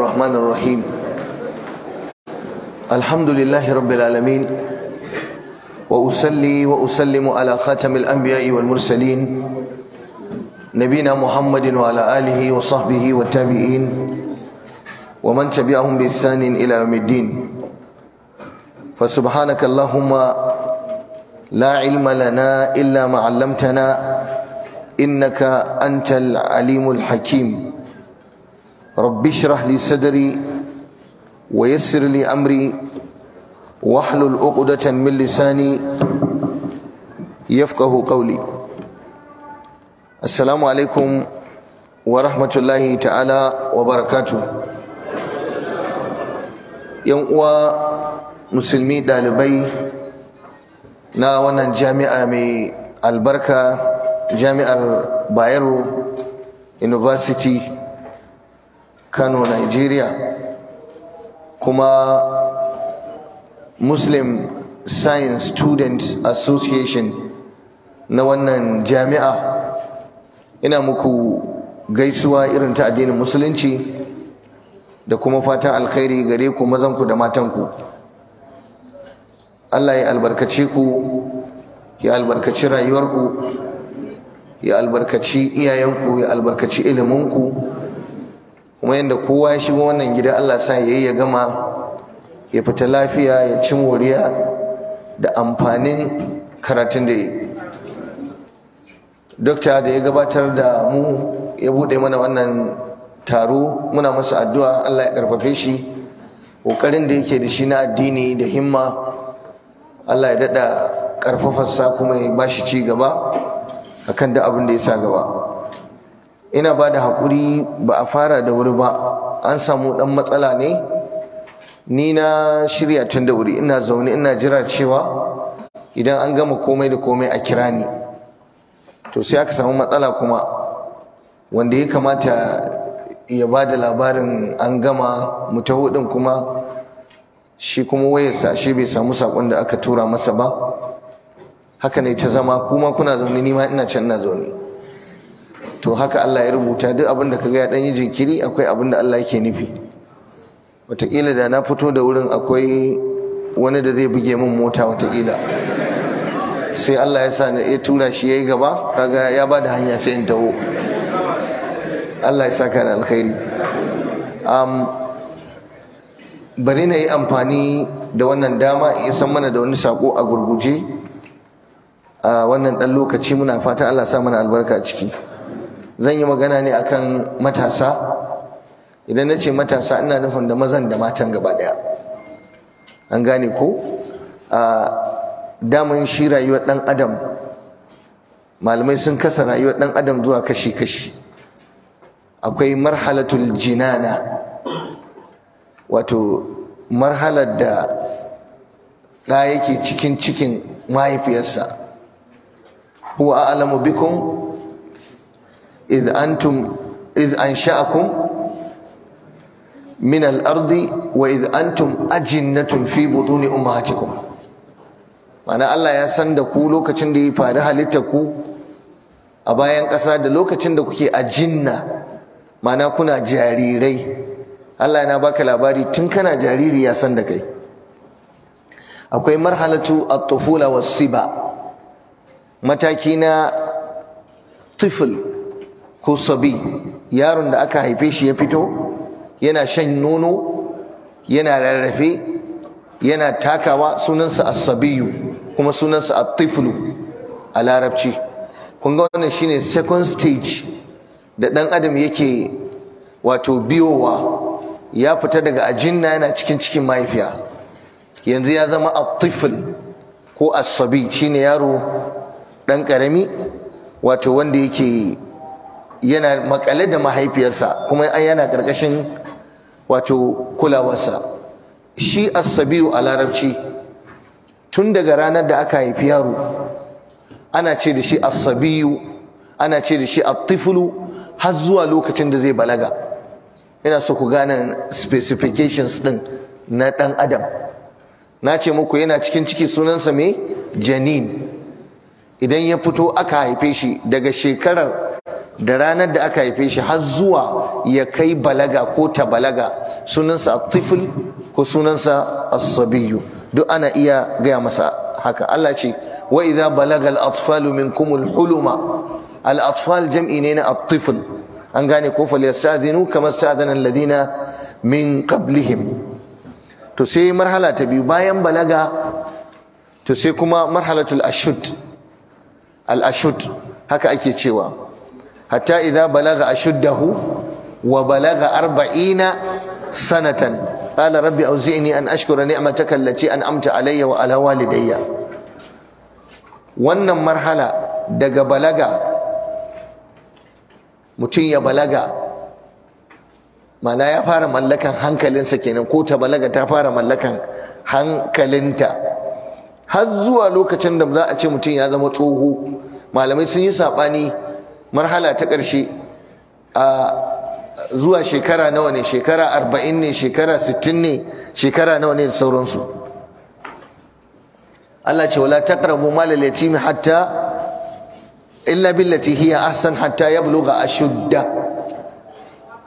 الرحمن الرحيم الحمد لله رب العالمين وأصلي وأسلم على خاتم الأنبياء والمرسلين نبينا محمد وعلى آله وصحبه والتابعين ومن تبعهم بإحسان إلى يوم الدين فسبحانك اللهم لا علم لنا إلا ما علمتنا إنك أنت العليم الحكيم رب اشرح لي صدري ويسر لي أمري واحلل عقدة من لساني يفقه قولي السلام عليكم ورحمة الله تعالى وبركاته yan uwa musulmi ɗalibai na wannan jami'a mai albarka jami'ar bayero university kano nigeria kuma muslim science Student association na wannan jami'a ina muku gaisuwa irin ta addinin musulunci da kuma fatan alkhairi gare ku mazanku da matanku allah ya albarkace ku ya albarkaci rayuwarku ya albarkaci iyayenku ya albarkaci iliminku kuma yadda kowa ya shigo wannan gida Allah sa ya yi ya gama ya fita lafiya ya ci moriya da amfanin karatun da ya dokta da ya gabatar da mu ya bude mana wannan taro muna masa addu'a Allah ya karfafe shi ƙoƙarin da yake da shi na addini da himma Allah ya daɗa ƙarfafarsa kuma ya ba shi ci gaba akan da abin da ya sa gaba ina ba da haƙuri ba a fara da wuri ba an samu ɗan matsala ne ni na shirya tun da wuri ina zaune ina jira cewa idan an gama komai da komai a kira ni to sai aka samu matsala kuma wanda ya kamata ya ba da labarin an gama mutahu ɗin kuma shi kuma wayarsa shi bai samu saƙon da aka tura masa ba haka ne ta zama kuma kuna zaune ni ma ina can ina zaune to haka Allah ya rubuta duk abin da kaga ya dan yi jinkiri akwai abin da Allah yake nufi wataƙila da na fito da wurin akwai wani da zai buge min mota wataƙila sai Allah ya sa na ya tura shi yayi gaba kaga ya ba da hanya sai in taho Allah ya saka da alkhairi bari na yi amfani da wannan dama ya san mana da wani sako a gurguje a wannan dan lokaci muna fata Allah ya sa mana albarka a ciki zan yi magana ne akan matasa idan na ce matasa ina nufin da mazan da matan gaba daya an gane ko a daman shi rayuwar dan adam malamai sun kasa rayuwar dan adam zuwa kashi-kashi akwai marhalatul jinana wato marhalar da da yake cikin cikin mahaifiyarsa huwa a'lamu bikum إذ أنتم إذ أنشأكم من الأرض وإذ أنتم أجنة في بطون أمهاتكم ma'ana Allah ya san da ku lokacin da ya faru halitta ku a bayan ƙasa da lokacin da kuke ajinna mana kuna jarirai Allah na baka labari tun kana jariri ya san da kai akwai marhalatu a tufula was-siba mataki na tifl ko sabi yaron da aka haife shi ya fito yana shan nono yana rarrafe yana takawa sunansa a sabiyu kuma sunansa a tiflu a larabci kunga ga wannan shine second stage da dan adam yake wato biyowa ya fita daga ajinna yana cikin cikin mahaifiya yanzu ya zama a tifl ko asabi shine yaro dan karami wato wanda yake yana makale da mahaifiyarsa kuma yana karkashin wato kulawarsa shi asabiyu a larabci tun daga ranar da aka haifi yaro ana ce da shi asabiyu ana ce da shi atifulu har zuwa lokacin da zai balaga Yana so ku gane specifications din na dan adam na ce muku yana cikin ciki sunansa mai janin idan ya fito aka haife shi daga shekarar da ranar da aka haife shi har zuwa ya kai balaga ko ta balaga sunansa atiful ko sunansa asabiyu duk ana iya gaya masa haka Allah ce wa idza balagal atfalu minkum huluma al-atfal jam'i ne na atiful an gane ko falyastadinu kama stadana alladina min qablihim to sai marhala ta biyu bayan balaga to sai kuma marhalatul ashud al-ashud haka ake cewa hatta idza balaga ashuddahu wa balaga arba'ina sanatan qala rabbi auzi'ni an ashkura ni'mataka allati an'amta alayya wa ala walidayya wannan marhala daga balaga mutum ya balaga mana ya fara mallakan hankalinsa kenan ko ta balaga ta fara mallakan hankalinta har zuwa lokacin da za a ce mutum ya zama tsoho malamai sun yi saɓani marhala ta ƙarshe a zuwa shekara nawa ne shekara arba'in ne shekara sittin ne shekara nawa ne da sauransu Allah ce wala ta mal al-yatimi hatta illa billati hiya ahsan hatta ga ashudda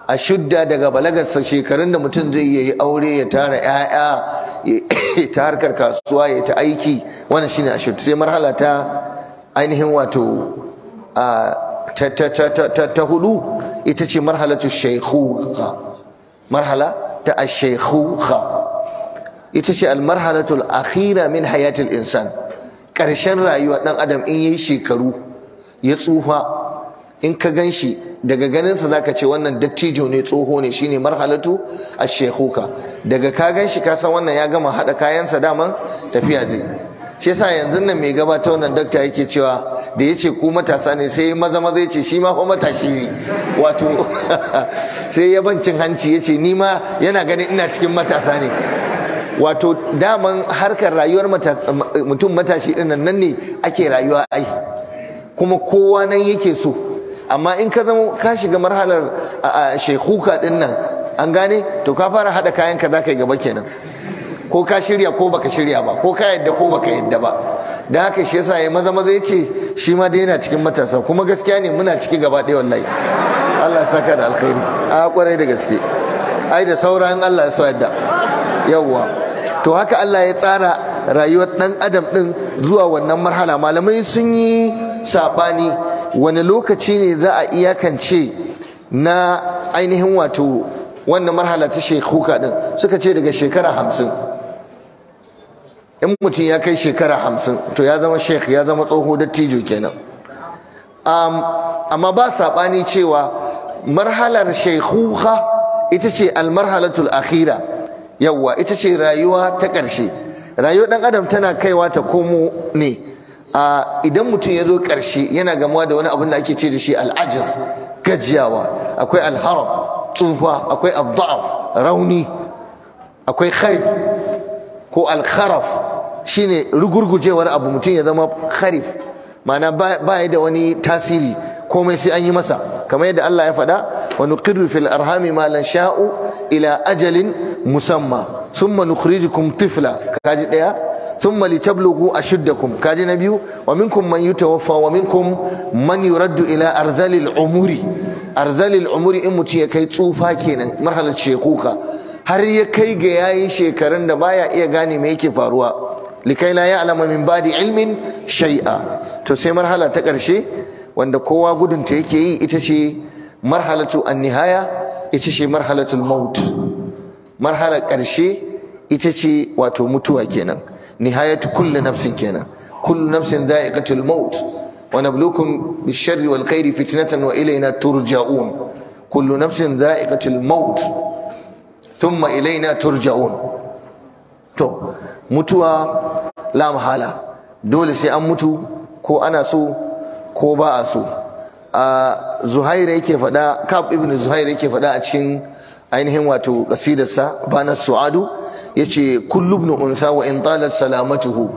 ashudda daga balagarsa shekarun da mutum zai yi aure ya tara 'ya'ya ya ta harkar kasuwa ya ta aiki wannan shine ashudda sai marhala ta ainihin wato a ta hudu ita ce marhalatu shaykhuha marhala ta ash ita ce al al-akhira min hayatil insan Karshen rayuwa ɗan adam in yi shekaru ya tsufa in ka ganshi daga ganin ganinsa zaka ce wannan dattijo ne tsoho ne shine marhalatu ash daga ka ganshi ka san wannan ya gama haɗa kayansa daman tafiya zai shi yasa yanzu nan mai gabata wannan dakta yake cewa da yace ku matasa ne sai maza maza yace shi ma fa matashi ne wato sai ya bancin hanci yace ni ma yana ganin ina cikin matasa ne wato daman harkar rayuwar mutum matashi din nan ne ake rayuwa ai kuma kowa nan yake so amma in ka zama ka shiga marhalar shekuka din nan an gane to ka fara haɗa kayan ka za ka yi gaba kenan ko ka shirya ko baka shirya ba ko ka yadda ko baka yadda ba don haka shi yasa ya maza maza ya ce shi ma dai yana cikin matasa kuma gaskiya ne muna ciki gaba ɗaya wallahi Allah saka da alkhairi a kwarai da gaske ai da sauran Allah ya so yadda yawwa to haka Allah ya tsara rayuwar dan adam din zuwa wannan marhala malamai sun yi sabani wani lokaci ne za a iyakance na ainihin wato wannan marhala ta shekuka din suka ce daga shekara hamsin in mutum ya kai shekara hamsin to ya zama sheikh ya zama tsoho dattijo kenan um, amma ba saɓani cewa marhalar shekuka ita ce almarhalatul akhira yawwa ita ce rayuwa ta ƙarshe rayuwar ɗan adam tana kaiwa ta komo ne idan mutum ya zo ƙarshe yana gamuwa da wani abin da ake ce da shi al'ajiz gajiyawa akwai alharam tsufa akwai abda'af rauni akwai khaif ko alkharaf shine rugurgujewar abu mutum ya zama kharif mana baya da wani tasiri komai sai an yi masa kamar yadda Allah ya faɗa wa nuqiru fil arhami ma lan sha'u ila ajalin musamma thumma nukhrijukum tifla kaji daya thumma litablughu ashuddakum kaji na biyu wa minkum man yutawaffa wa minkum man yuraddu ila arzalil umuri arzalil umuri in mutum ya kai tsufa kenan marhalar shekuka har ya kai ga yayi shekarun da baya iya gane me yake faruwa likai la ya'lama min ba'di ilmin shai'a. to sai marhala ta karshe wanda kowa gudun ta yake yi ita ce marhalatu an-nihaya ita ce marhalatul maut marhalar karshe ita ce wato mutuwa kenan nihayatu kulli nafsin kenan kullu nafsin dha'iqatul maut wa nabluukum bish-sharri wal khairi fitnatan turja'un nafsin turja'un mutuwa la mahala dole sai an mutu ko ana so ko ba a so a zuhair yake faɗa kaf ibn zuhaira yake faɗa a cikin ainihin wato kasidarsa banar su'adu yace kullu ibn unsa wa in talat salamatuhu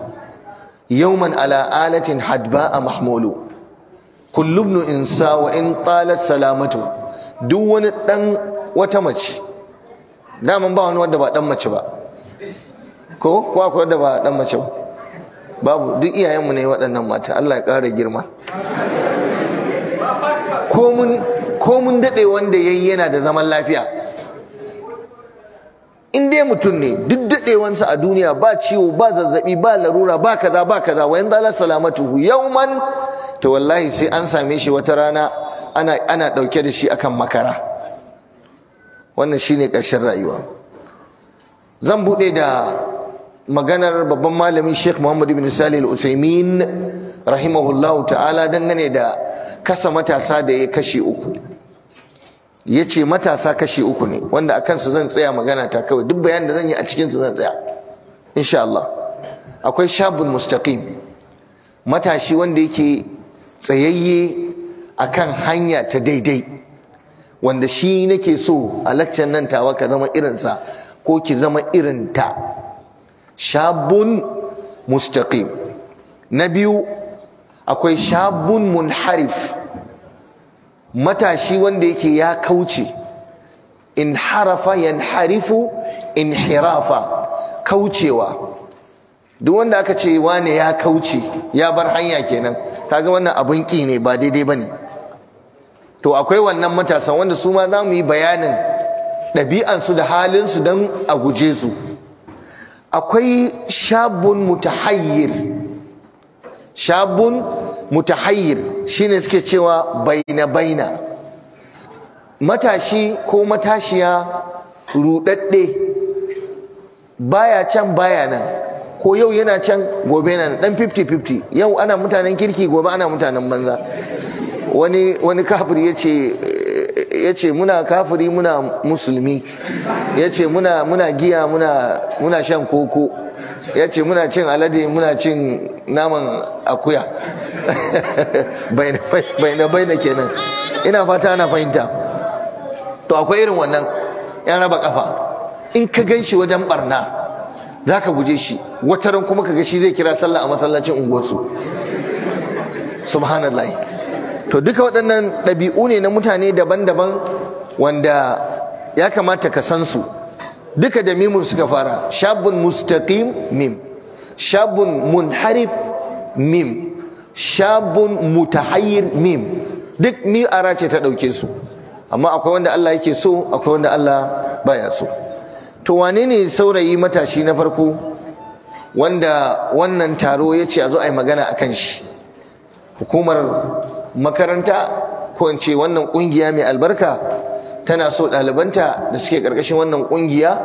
yawman ala alatin hadba'a mahmulu kullu ibn unsa wa in talat salamatuhu duk wani dan wata mace daman ba wani wanda ba dan mace ba ko ko akwai wanda ba dan mace ba babu duk iyayenmu ne waɗannan mata Allah ya ƙara girma ko mun daɗe wanda ya yi yana da zaman lafiya in dai mutum ne duk daɗe wansa a duniya ba ciwo ba zazzaɓi ba larura ba kaza ba kaza wa yan dala yau man. Ta wallahi sai an same shi wata rana ana ɗauke da shi akan makara wannan shine ƙarshen rayuwa zan buɗe da maganar babban malamin Sheikh Muhammad ibn Salih al-Utsaimin rahimahullahu ta'ala dangane da kasa matasa da ya kashe uku yace matasa kashe uku ne wanda a kansu zan tsaya magana ta kawai duk bayan da zan yi a cikin su zan tsaya insha Allah akwai shabun mustaqim matashi wanda yake tsayayye akan hanya ta daidai wanda shi nake so a laccan nan tawa ka zama irinsa ko ki zama irinta shabun mustaqim na biyu akwai shabun munharif matashi wanda yake ya kauce in harafa yan inharafa yanharifu inhirafa kaucewa duk wanda aka ce wane ya kauce ya bar hanya kenan kaga wannan abun ƙi ne ba daidai ba ne to akwai wannan matasa wanda su ma za mu yi bayanin ɗabi'ansu da halinsu don a guje su akwai shabun mutahayyir shabun mutahayyir shine suke cewa baina baina matashi ko matashiya rudadde baya can baya nan ko yau yana can gobe nan dan 50-50 yau ana mutanen kirki gobe ana mutanen banza wani kafir ya ce ya ce muna kafiri muna musulmi ya ce muna, muna giya muna, shan koko ya ce muna cin alade muna cin naman akuya baina baina kenan ina fata ana fahimta to akwai irin wannan ya raba kafa in ka gan shi wajen barna za ka guje shi wataran kuma ka ga shi zai kira sallah a masallacin unguwarsu subhanallah to duka waɗannan ɗabi'u ne na mutane daban-daban wanda ya kamata ka san su duka da mimun suka fara shabun mustaqim mim shabun munharif mim shabun mutahayyir mim duk mi ara ce ta ɗauke su amma akwai wanda Allah yake so akwai wanda Allah baya so to wane ne saurayi matashi na farko wanda wannan taro ya ce a zo a yi magana a kan shi hukumar makaranta ko in ce wannan kungiya mai albarka tana so ɗalibanta da suke ƙarƙashin wannan kungiya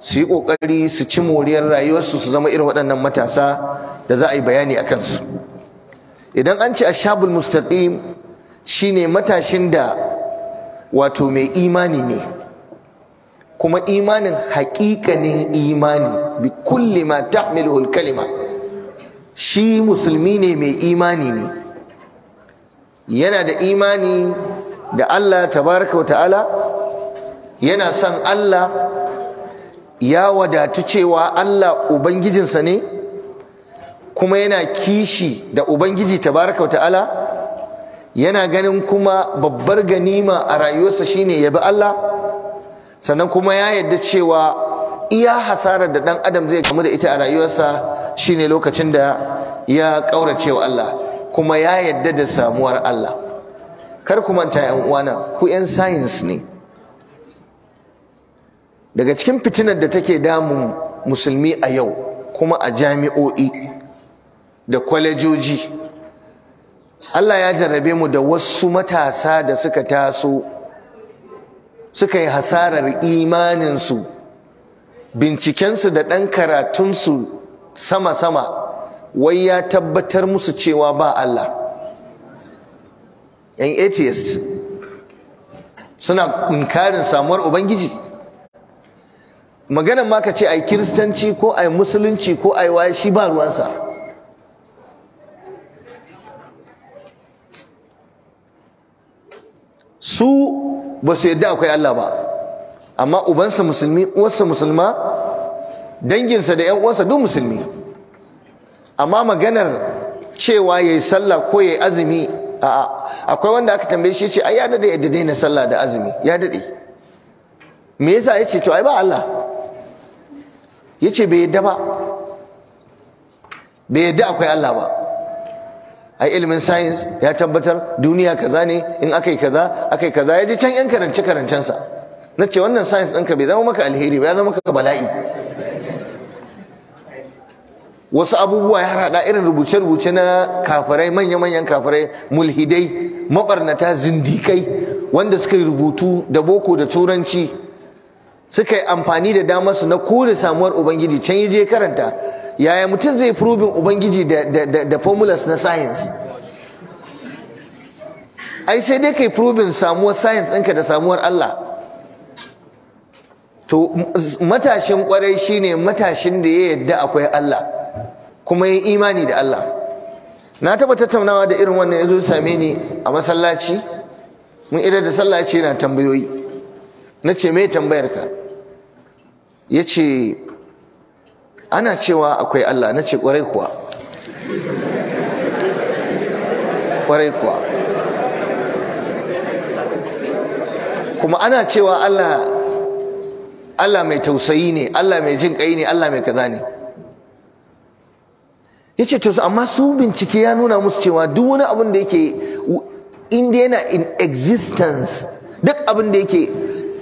su yi ƙoƙari su ci moriyar rayuwarsu su zama irin waɗannan matasa da za a yi bayani a kansu idan an ce ashabul mustaqim shine matashin da wato mai imani ne kuma imanin haƙiƙanin imani bi kulli ma al kalima shi musulmi ne mai imani ne yana da imani da Allah tabaraka wa ta'ala yana son Allah ya wadatu cewa Allah ubangijinsa ne kuma yana kishi da ubangiji tabaraka wa ta'ala yana ganin kuma babbar ganima a rayuwarsa shine yabi Allah sannan kuma ya yadda cewa iya hasarar da ɗan adam zai gamu da ita a rayuwarsa shine lokacin da ya kaurace wa Allah kuma ya yadda da samuwar Allah kar ku manta yan uwana ku yan science ne daga cikin fitinar da take damun musulmi a yau kuma a jami'o'i da kwalejoji Allah ya jarrabe mu da wasu matasa da suka taso suka yi hasarar imaninsu bincikensu da ɗan karatunsu sama-sama wai ya tabbatar musu cewa ba Allah yan atheist suna inkarin samuwar ubangiji maganan ma ka ce ai kiristanci ko ai musulunci ko ai waye shi ba ruwansa su ba su yadda akwai Allah ba amma ubansa musulmi uwarsa musulma danginsa da 'yan uwansa duk musulmi amma maganar cewa yi sallah ko yi azumi akwai wanda aka tambaye shi ce ai ya daɗe da daina sallah da azumi ya daɗe. me yasa ya ce to ai ba Allah Ya ce bai yadda ba bai yadda akwai Allah ba ai ilimin science ya tabbatar duniya kaza ne in aka yi kaza aka yi kaza yaji can yan karance karancen sa ce wannan science ɗinka bai zama maka alheri ba ya zama maka bala'i wasu abubuwa ya haɗa irin rubuce-rubuce na kafirai manya-manyan kafirai mulhidai mabarnata zindikai wanda suka yi rubutu da boko da turanci suka yi amfani da damar su na kore samuwar ubangiji can yi je karanta yaya mutum zai probin ubangiji da formulas na science ai sai dai kai probin samuwar science ɗinka da samuwar Allah to matashin kwarai shine matashin da ya yadda akwai Allah kuma ya imani da Allah na taɓa tattaunawa da irin wannan ya zo same ni a masallaci mun idar da sallaci na yana tambayoyi na ce me tambayar ka ya ce ana cewa akwai Allah na ce kwarai kuwa kwarai kuwa kuma ana cewa Allah Allah mai tausayi ne Allah mai jin kai ne Allah mai kaza ne yace to amma su bincike ya nuna musu cewa duk wani abin da yake inda yana in existence duk abin da yake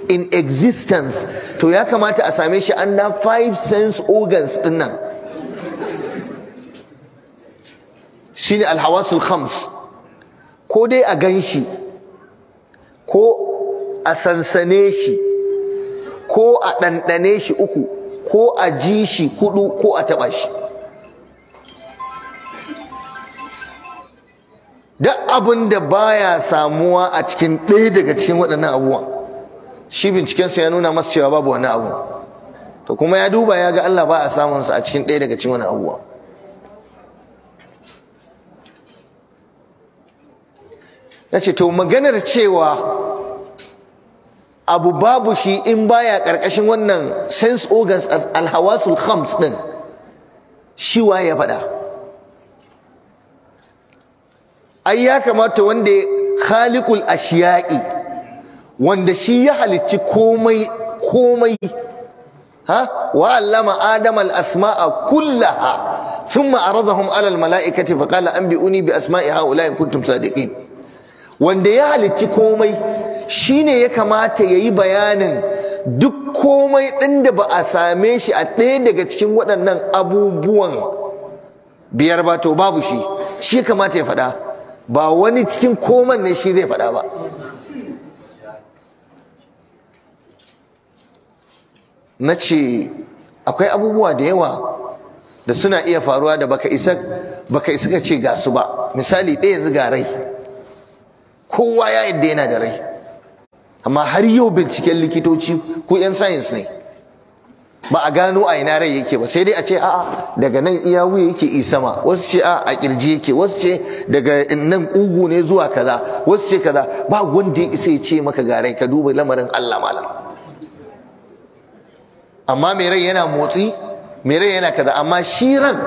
in existence to ya kamata a same shi under five sense organs din nan shine alhawasul khams ko dai a gan shi ko a sansane shi ko a ɗanɗane shi uku ko a ji shi hudu ko a taɓa shi duk abin da baya samuwa a cikin ɗaya daga cikin waɗannan abubuwan shi bincikensa ya nuna masa cewa babu wani abu to kuma ya duba ya ga Allah ba a samunsa a cikin ɗaya daga cikin wani abubuwa nace to maganar cewa abu babu shi in baya ƙarƙashin wannan sense organs as alhawasul khams ɗin shi waye ya faɗa ai ya kamata wanda khaliqul ashiya'i wanda shi ya halicci komai komai ha wa allama adam al asma'a kullaha thumma aradahum ala al mala'ikati fa qala anbi'uni bi asma'i haula in kuntum sadiqin wanda ya halicci komai shine ya kamata yayi bayanin duk komai ɗin da ba a same shi a ɗaya daga cikin waɗannan abubuwan biyar ba to babu shi shi kamata ya faɗa ba wani cikin koman ne shi zai faɗa ba na ce akwai abubuwa da yawa da suna iya faruwa da baka isa baka isa ka ce ga su ba misali ɗaya yanzu ga rai kowa ya yadda yana da rai amma har yau binciken likitoci ko 'yan sayins ne ba a gano a ina rai yake ba sai dai a ce a'a daga nan iya wuya yake ma wasu ce a a kirji yake wasu ce daga nan kugu ne zuwa kaza wasu ce kaza ba wanda ya isa ya ce maka ga rai ka duba lamarin Allah malam amma mai rai yana motsi mai rai yana kaza amma shi ran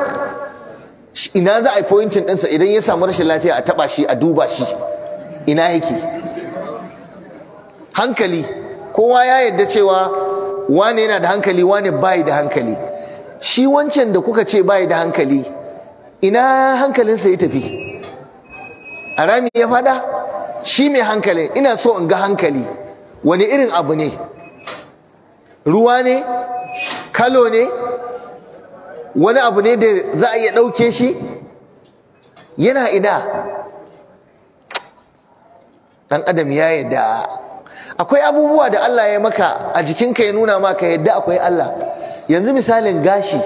ina za a yi pointin ɗinsa idan ya samu rashin lafiya a taɓa shi a duba shi ina yake hankali kowa ya yarda cewa wane yana da hankali wane bai da hankali shi wancan da kuka ce bai da hankali ina hankalinsa ya tafi a rami ya fada shi mai hankali ina so in ga hankali wani irin abu ne ruwa ne kalo ne wani abu ne da za a iya ɗauke shi yana ina ɗan adam ya yi da akwai abubuwa da Allah ya maka a jikinka ya nuna maka yadda akwai Allah yanzu misalin gashi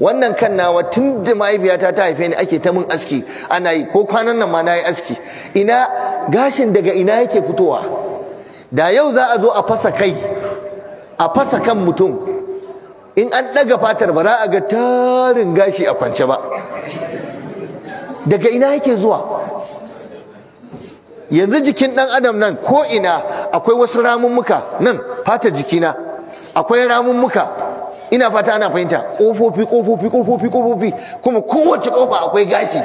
wannan kan nawa tun da mahaifiyata ta haife ni ake ta mun aski ana yi ko kwanan nan ma na yi aski ina gashin daga ina yake fitowa da yau za a zo a fasa kai a fasa kan mutum in an ɗaga fatar ba za a ga tarin gashi a kwance ba daga ina yake zuwa yanzu jikin ɗan adam nan ko ina akwai wasu ramummuka nan fata jikina akwai ramummuka ina fata ana fahimta ƙofofi ƙofofi ƙofofi ƙofofi kuma kowace ƙofa akwai gashi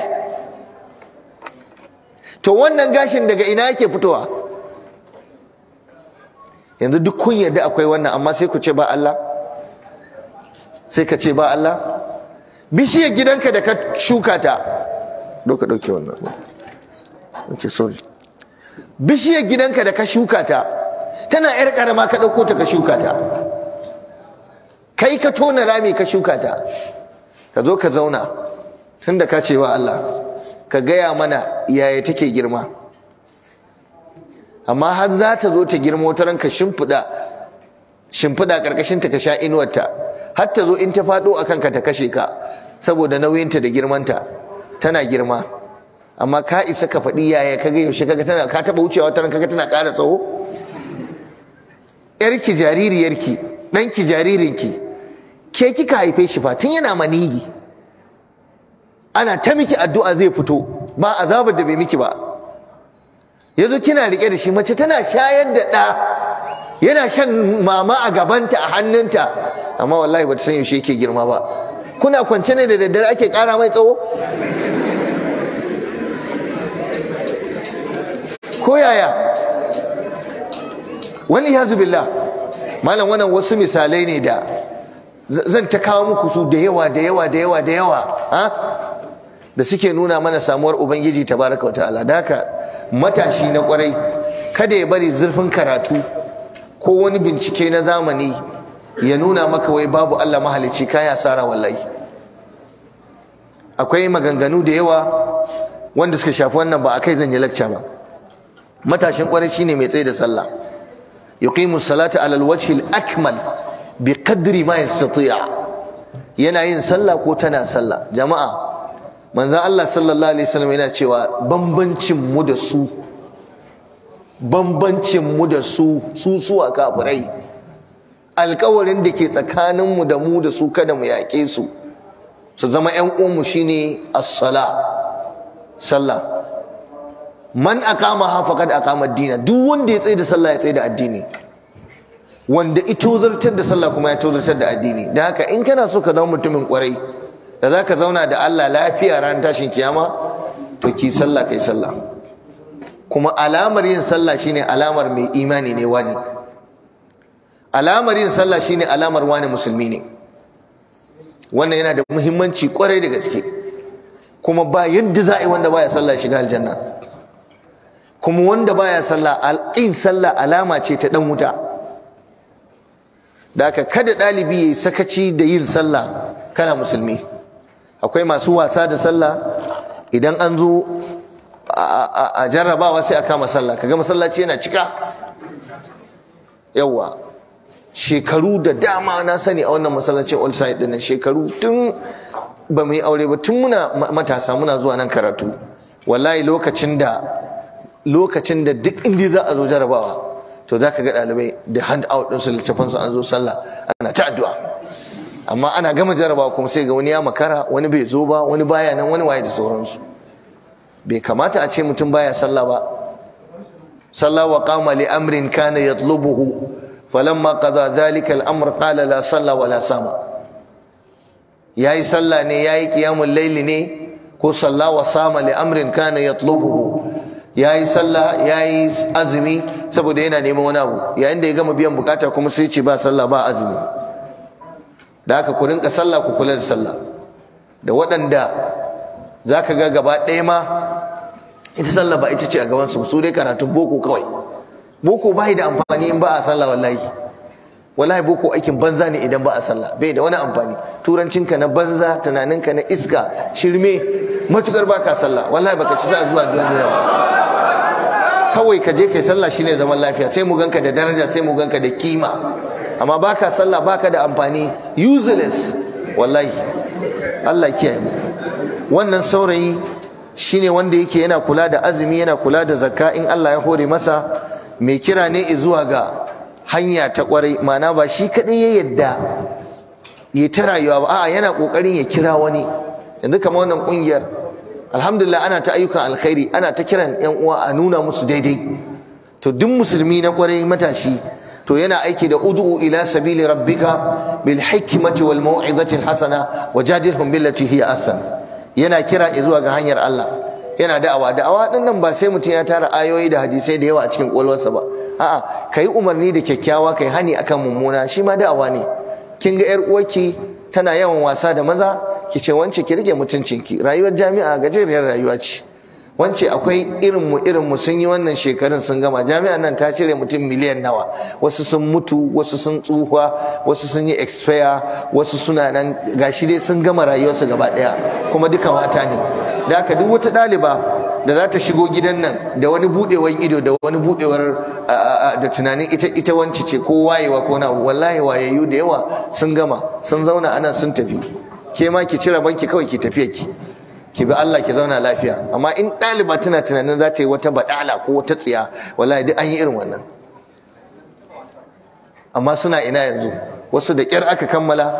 to wannan gashin daga ina yake fitowa yanzu duk kun yarda akwai wannan amma sai ku ce ba Allah sai ka ce ba Allah bishiyar gidanka da ka shuka ta ɗauka ɗauke wannan okay sorry bishiyar gidanka da ka shuka ta tana yar karama ka dauko ta ka shuka ta kai ka tona rami ka shuka ta ka zo ka zauna tunda ka ce wa Allah ka gaya mana yaya take girma amma har za ta zo ta girma ta ranka shimfiɗa shimfiɗa ƙarƙashin ta ka sha inuwarta har ta zo in ta faɗo a kanka ta kashe ka saboda nauyinta da girmanta tana girma amma ka isa ka faɗi yaya kaga yaushe kaga tana ka taɓa wucewa ta ranka tana ƙara tsawo yarki jaririyarki ɗanki jaririnki ke kika haife shi fa tun yana manigi ana ta miki addu'a zai fito ba azabar da bai miki ba yazo kina rike da shi mace tana shayar da ɗa yana shan mama a gabanta a hannunta amma wallahi bata san yaushe yake girma ba kuna kwance ne da daddare ake ƙara mai tsawo ko yaya wani ya la malam wannan wasu misalai ne da zan ta kawo muku su da yawa da yawa da yawa da yawa da suke nuna mana samuwar ubangiji tabaraka wa ta'ala da haka matashi na kwarai kada ya bari zurfin karatu ko wani bincike na zamani ya nuna maka wai babu Allah mahalicci kaya sara wallahi akwai maganganu da yawa wanda suka shafi wannan ba a kai zan yi lakca ba matashin kwarai shine mai tsaye da sallah yuqimu salata ala alwajhi akmal bi qadri ma yastati'a yana yin sallah ko tana sallah jama'a manzon Allah sallallahu alaihi wasallam yana cewa bambancin mu da su bambancin mu da su su suwa kafirai alkawarin da ke tsakanin mu da mu da su kada mu yaƙe su su zama ƴan uwanmu shine as-sala sallah man akama ha faqad akama dina duk wanda ya tsaye da sallah ya tsaye da addini wanda ito tozartar da sallah kuma ya tozartar da addini dan haka in kana so ka zama mutumin kwarai da zaka zauna da Allah lafiya ran tashin kiyama to ki sallah kai sallah kuma alamar yin sallah shine alamar mai imani ne wani alamar yin sallah shine alamar wani musulmi ne wannan yana da muhimmanci kwarai da gaske kuma ba yadda za a yi wanda baya sallah shiga aljanna kuma wanda baya sallah alƙin sallah alama ce ta dan wuta da ka kada ɗalibi ya yi sakaci da yin sallah kana musulmi akwai masu wasa da sallah idan an zo a jarrabawa sai a kama sallah kaga masallaci yana cika yawa shekaru da dama na sani a wannan masallacin old side din shekaru tun ba mu yi aure ba tun muna matasa muna zuwa nan karatu wallahi lokacin da lokacin da duk indi za a zo jarabawa to za ka ga ɗalibai da hand out ɗinsu littafansu an zo sallah ana ta addu'a amma ana gama jarabawa kuma sai ga wani ya makara wani bai zo ba wani baya nan wani waye da sauransu bai kamata a ce mutum baya sallah ba sallah wa qama li amrin kana yatlubuhu falamma qada dhalika al-amr qala la salla wa la sama yayi sallah ne yayi qiyamul layli ne ko sallah wa sama li amrin kana yatlubuhu ya yi sallah ya yi azumi saboda yana neman wani abu yayin da ya gama biyan bukata kuma sai ce ba sallah ba azumi da aka ku rinka sallah ku kula da sallah da waɗanda za ka ga gaba ɗaya ma ita sallah ba ita ce a gabansu su dai karatun boko kawai boko bai da amfani in ba a sallah wallahi wallahi boko aikin banza ne idan ba a sallah bai da wani amfani turancinka na banza tunaninka na iska shirme matukar baka sallah wallahi baka ci sa zuwa duniya ba kawai ka je kai sallah shine zaman lafiya sai mu ganka da daraja sai mu ganka da kima amma baka sallah baka da amfani useless wallahi Allah kiyaye mu wannan saurayi shine wanda yake yana kula da azumi yana kula da zakka in Allah ya hore masa mai kira ne zuwa ga hanya ta kwarai ma'ana ba shi kadai ya yadda ya ta rayuwa ba a'a yana kokarin ya kira wani yanzu kamar wannan kungiyar alhamdulillah ana ta ayyukan alkhairi ana ta kiran yan uwa a nuna musu daidai to duk musulmi na kwarai matashi to yana aiki da ud'u ila sabili rabbika bil hikmati wal mau'izati al hasana wajadilhum billati hiya ahsan yana kira zuwa ga hanyar Allah yana da'awa da'awa din nan ba sai mutum ya tara ayoyi da hadisai da yawa a cikin kwalwarsa ba a'a kai umarni da kyakkyawa kai hani akan mummuna shi ma da'awa ne kin ga yar uwarki tana yawan wasa da maza ki ce wance ki rike mutuncinki rayuwar jami'a gajeriyar rayuwa ce wance akwai irin mu irin mu sun yi wannan shekarun sun gama jami'an nan ta cire mutum miliyan nawa wasu sun mutu wasu sun tsufa wasu sun yi expire wasu suna nan gashi dai sun gama rayuwarsu gaba daya kuma duka mata ne da haka duk wata ɗaliba da za ta shigo gidan nan da wani budewar ido da wani budewar da tunanin ita ita wance ce ko wayewa ko na wallahi wayayyu da yawa sun gama sun zauna ana sun tafi ke ma ki cire banki kawai ki tafiya ki ki bi Allah ki zauna lafiya amma in ɗaliba tana tunanin za ta yi wata badala ko wata tsiya wallahi duk an yi irin wannan amma suna ina yanzu wasu da ƙyar aka kammala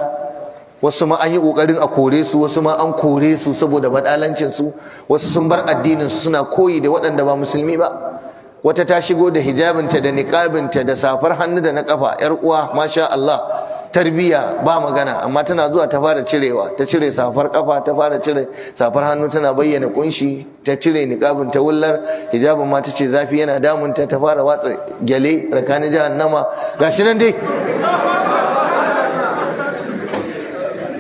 wasu ma an yi ƙoƙarin a kore su wasu ma an kore su saboda baɗalancin su wasu sun bar addinin su suna koyi da waɗanda ba musulmi ba wata ta shigo da hijabinta da niƙabinta da safar hannu da na ƙafa 'yar uwa masha Allah tarbiya ba magana amma tana zuwa ta fara cirewa ta cire safar kafa ta fara cire safar hannu tana bayyana kunshi ta cire niqabin ta wullar hijabin ma tace zafi yana damun ta ta fara watsa gyale rakani jahannama gashi nan dai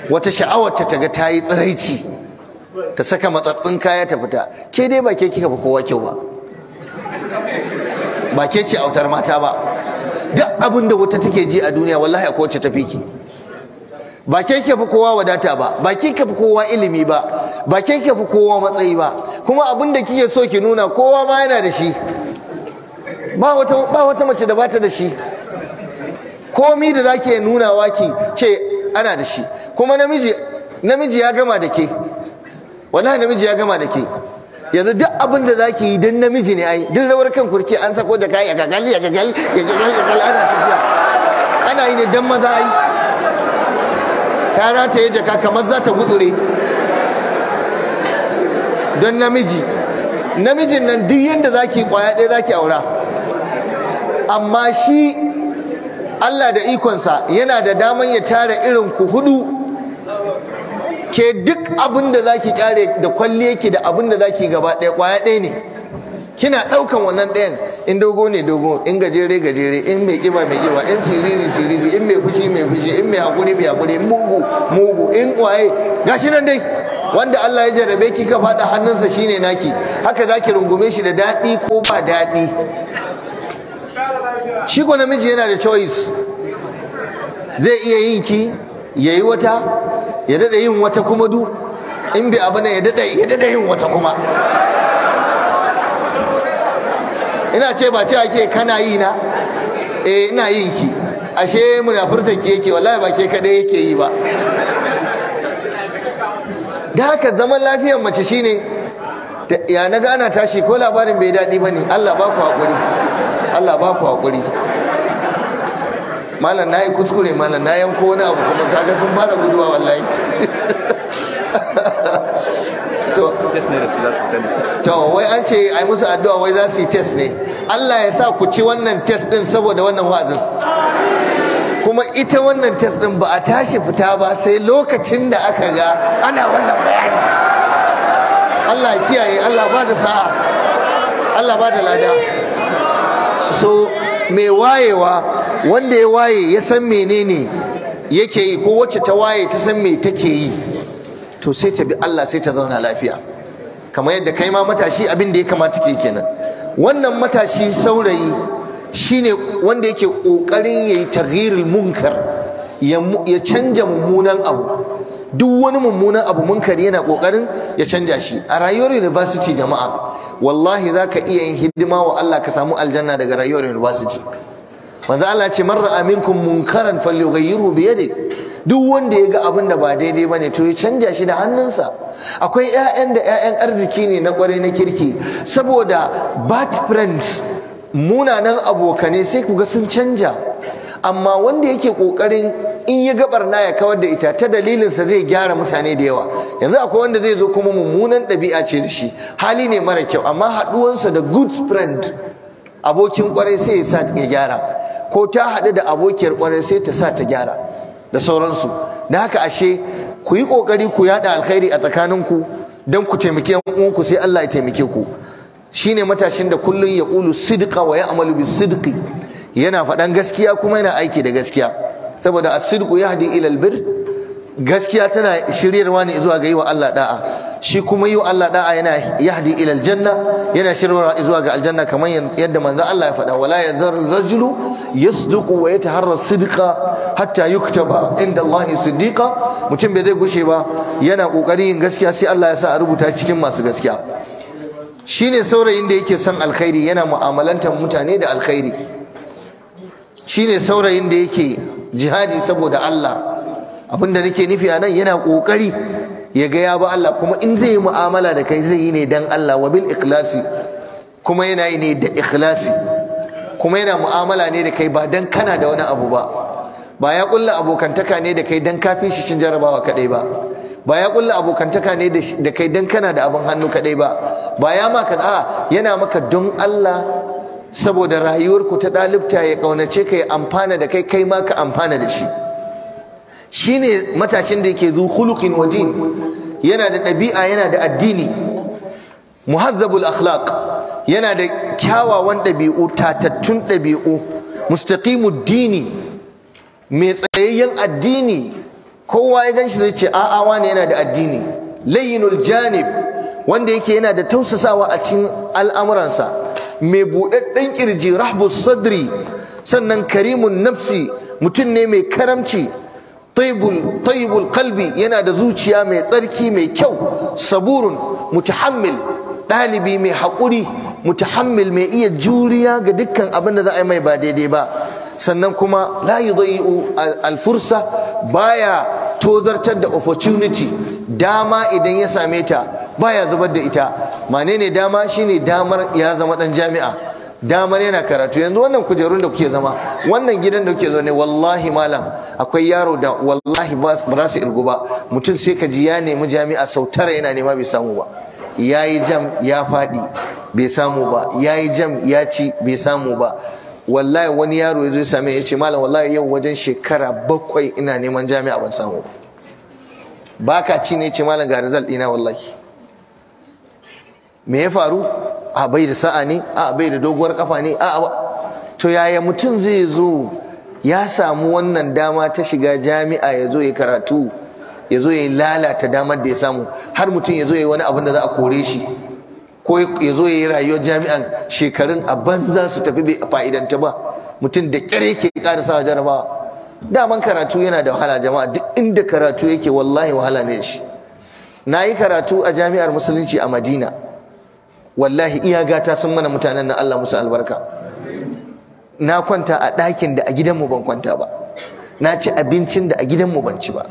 wata sha'awar ta taga tayi tsiraici ta saka matsatsin kaya ta fita ke dai ba ke kika ba kowa kyau ba ba ke ce autar mata ba duk abin da wata take ji a duniya wallahi akwai wacce tafi ki ba ke ke fi kowa wadata ba ba ke ke fi kowa ilimi ba ba ke ke fi kowa matsayi ba kuma abin da kike so ki nuna kowa ma yana da shi ba wata ba wata mace da bata da shi komi da zake nuna waki ce ana da shi kuma namiji namiji ya gama da ke wallahi namiji ya gama da ke yanzu duk abin da zaki yi don namiji ne ai duk rawar kan kurki an sako da kai ya gagal ya gagal ya gagal ya gagal ana tafiya ana yi ne dan maza ai ta rataye jaka kamar za ta gudure don namiji namijin nan duk yadda zaki kwaya ɗaya zaki aura amma shi Allah da ikonsa yana da daman ya tara irin ku hudu ke duk abin da zaki kyare da kwalli yake da abin da zaki gaba ɗaya kwaya ɗaya ne kina ɗaukan wannan ɗayan in dogo ne dogo in gajere gajere in mai kiba mai kiba in siriri siriri in mai fushi mai fushi in mai haƙuri mai haƙuri, in mugu mugu in waye gashi nan dai wanda Allah ya jarrabe ki ka faɗa hannunsa shine naki haka za ki rungume shi da daɗi ko ba daɗi shi ko namiji yana da choice zai iya yin ki yayi wata ya dada yin wata kuma du in bi abu ne ya dada ya dada yin wata kuma ina ce ba ce ake kana yi na eh ina yin ki ashe munafurta ki yake wallahi ba ke kada yake yi ba da haka zaman lafiyar mace shine ya na gana tashi ko labarin bai daɗi ba ne allah ba ku haƙuri allah ba ku haƙuri malam na yi kuskure malam na yanko wani abu kuma kaga sun fara guduwa wallahi to to wai an ce ai musu addu'a wai za su yi test ne Allah ya sa ku ci wannan test din saboda wannan wa'azin kuma ita wannan test din ba a tashi fita ba sai lokacin da aka ga ana wannan bayani Allah kiyaye Allah ba da sa'a Allah ba da lada so mai wayewa wanda ya waye ya san menene yake yi ko wacce ta waye ta san me take yi to sai ta bi Allah sai ta zauna lafiya kamar yadda kai ma matashi abin da ya kamata ke kenan wannan matashi saurayi shine wanda yake kokarin yayi taghyirul munkar ya canja mummunan abu duk wani mummunan abu munkari yana kokarin ya canja shi a rayuwar university jama'a wallahi zaka iya yin hidima wa Allah ka samu aljanna daga rayuwar university manzo Allah ce man ra'a minkum munkaran falyughayyirhu bi yadihi duk wanda ya ga abin da ba daidai bane to ya canja shi da hannunsa akwai ƴaƴan da ƴaƴan arziki ne na kwarai na kirki saboda bad friends munanan abokane sai ku sun canja amma wanda yake kokarin in ya ga na ya kawar da ita ta dalilinsa zai gyara mutane da yawa yanzu akwai wanda zai zo kuma mummunan ɗabi'a ce da shi hali ne mara kyau amma haɗuwansa da good friend abokin kwarai sai ya sa ya gyara ko ta haɗu da abokiyar ƙwarai sai ta sa ta gyara da sauransu da haka ashe ku yi ƙoƙari ku yaɗa alkhairi a tsakaninku don ku taimake ku sai Allah ya taimake ku shine matashin da kullun ya ƙulu sidqa wa ya'malu bi sidqi yana faɗan gaskiya kuma yana aiki da gaskiya saboda as-sidqu yahdi ila al gaskiya tana shiryarwa ne zuwa ga yi wa Allah da'a shi kuma yi wa Allah da'a yana yahdi ila janna, yana shirwa zuwa ga aljanna kamar yadda manzo Allah ya faɗa wala yazar rajulu yasduqu wa yataharra sidqa hatta yuktaba inda Allah siddiqa mutum bai zai gushe ba yana kokari yin gaskiya sai Allah ya sa a rubuta cikin masu gaskiya shine saurayin da yake son alkhairi yana mu'amalantar mutane da alkhairi shine saurayin da yake jihadi saboda Allah abinda nake nufi a nan yana kokari ya ga ya ba Allah kuma in zai yi mu'amala da kai zai yi ne dan Allah wa bil ikhlasi kuma yana yi ne da ikhlasi kuma yana mu'amala ne da kai ba dan kana da wani abu ba ba ya kulla abokantaka ne da kai dan kafin shi cin jarabawa kadai ba ba ya kulla abokantaka ne da kai dan kana da abin hannu kadai ba ba ya maka a yana maka don Allah saboda rayuwarku ta dalibta ya kaunace ka ya amfana da kai kai ma ka amfana da shi Shi ne matashin da yake zu khuluqin wa din yana da ɗabi'a yana da addini muhazzabul akhlaq yana da kyawawan ɗabi'u tatattun ɗabi'u mustaqimud dini mai tsayayyen addini kowa ya ganshi zai ce a'a wane yana da addini layyinul janib wanda yake yana da tausasawa a cikin al'amuransa mai buɗaɗɗen kirji rahbus sadri sannan karimun nafsi mutum ne mai karamci Taibul kalbi yana da zuciya mai tsarki mai kyau saburun mutahammil dalibi mai haƙuri mutahammil mai iya juriya ga dukkan abin da za a yi mai ba daidai ba sannan kuma la yi alfursa baya tozartar da opportunity dama idan ya same ta baya zubar da ita manene dama shine damar ya zama ɗan jami'a damar yana karatu yanzu wannan kujerun da kuke zama wannan gidan da kuke zo ne wallahi malam akwai yaro da wallahi ba za su irgu ba mutum sai ka ji ya nemi jami'a sau tara yana nema bai samu ba ya yi jam ya faɗi bai samu ba ya yi jam ya ci bai samu ba wallahi wani yaro ya zo same ya ce malam wallahi yau wajen shekara bakwai ina neman jami'a ban samu ba ka ci ne ce malam ga result ɗina wallahi me ya faru a bai da sa'a ne a bai da doguwar kafa ne a to yaya mutum zai zo ya samu wannan dama ta shiga jami'a ya zo ya karatu ya zo ya lalata damar da ya samu har mutum ya zo ya yi wani abin da za a kore shi ko ya zo ya yi rayuwar jami'an shekarun a banza su tafi bai fa'idanta ba mutum da kyar yake ƙara sa jarabawa daman karatu yana da wahala jama'a duk inda karatu yake wallahi wahala ne shi na yi karatu a jami'ar musulunci a madina wallahi iya gata sun mana mutanen na Allah musu albarka na kwanta a ɗakin da a gidanmu ban kwanta ba na ci abincin da a gidanmu ban ci ba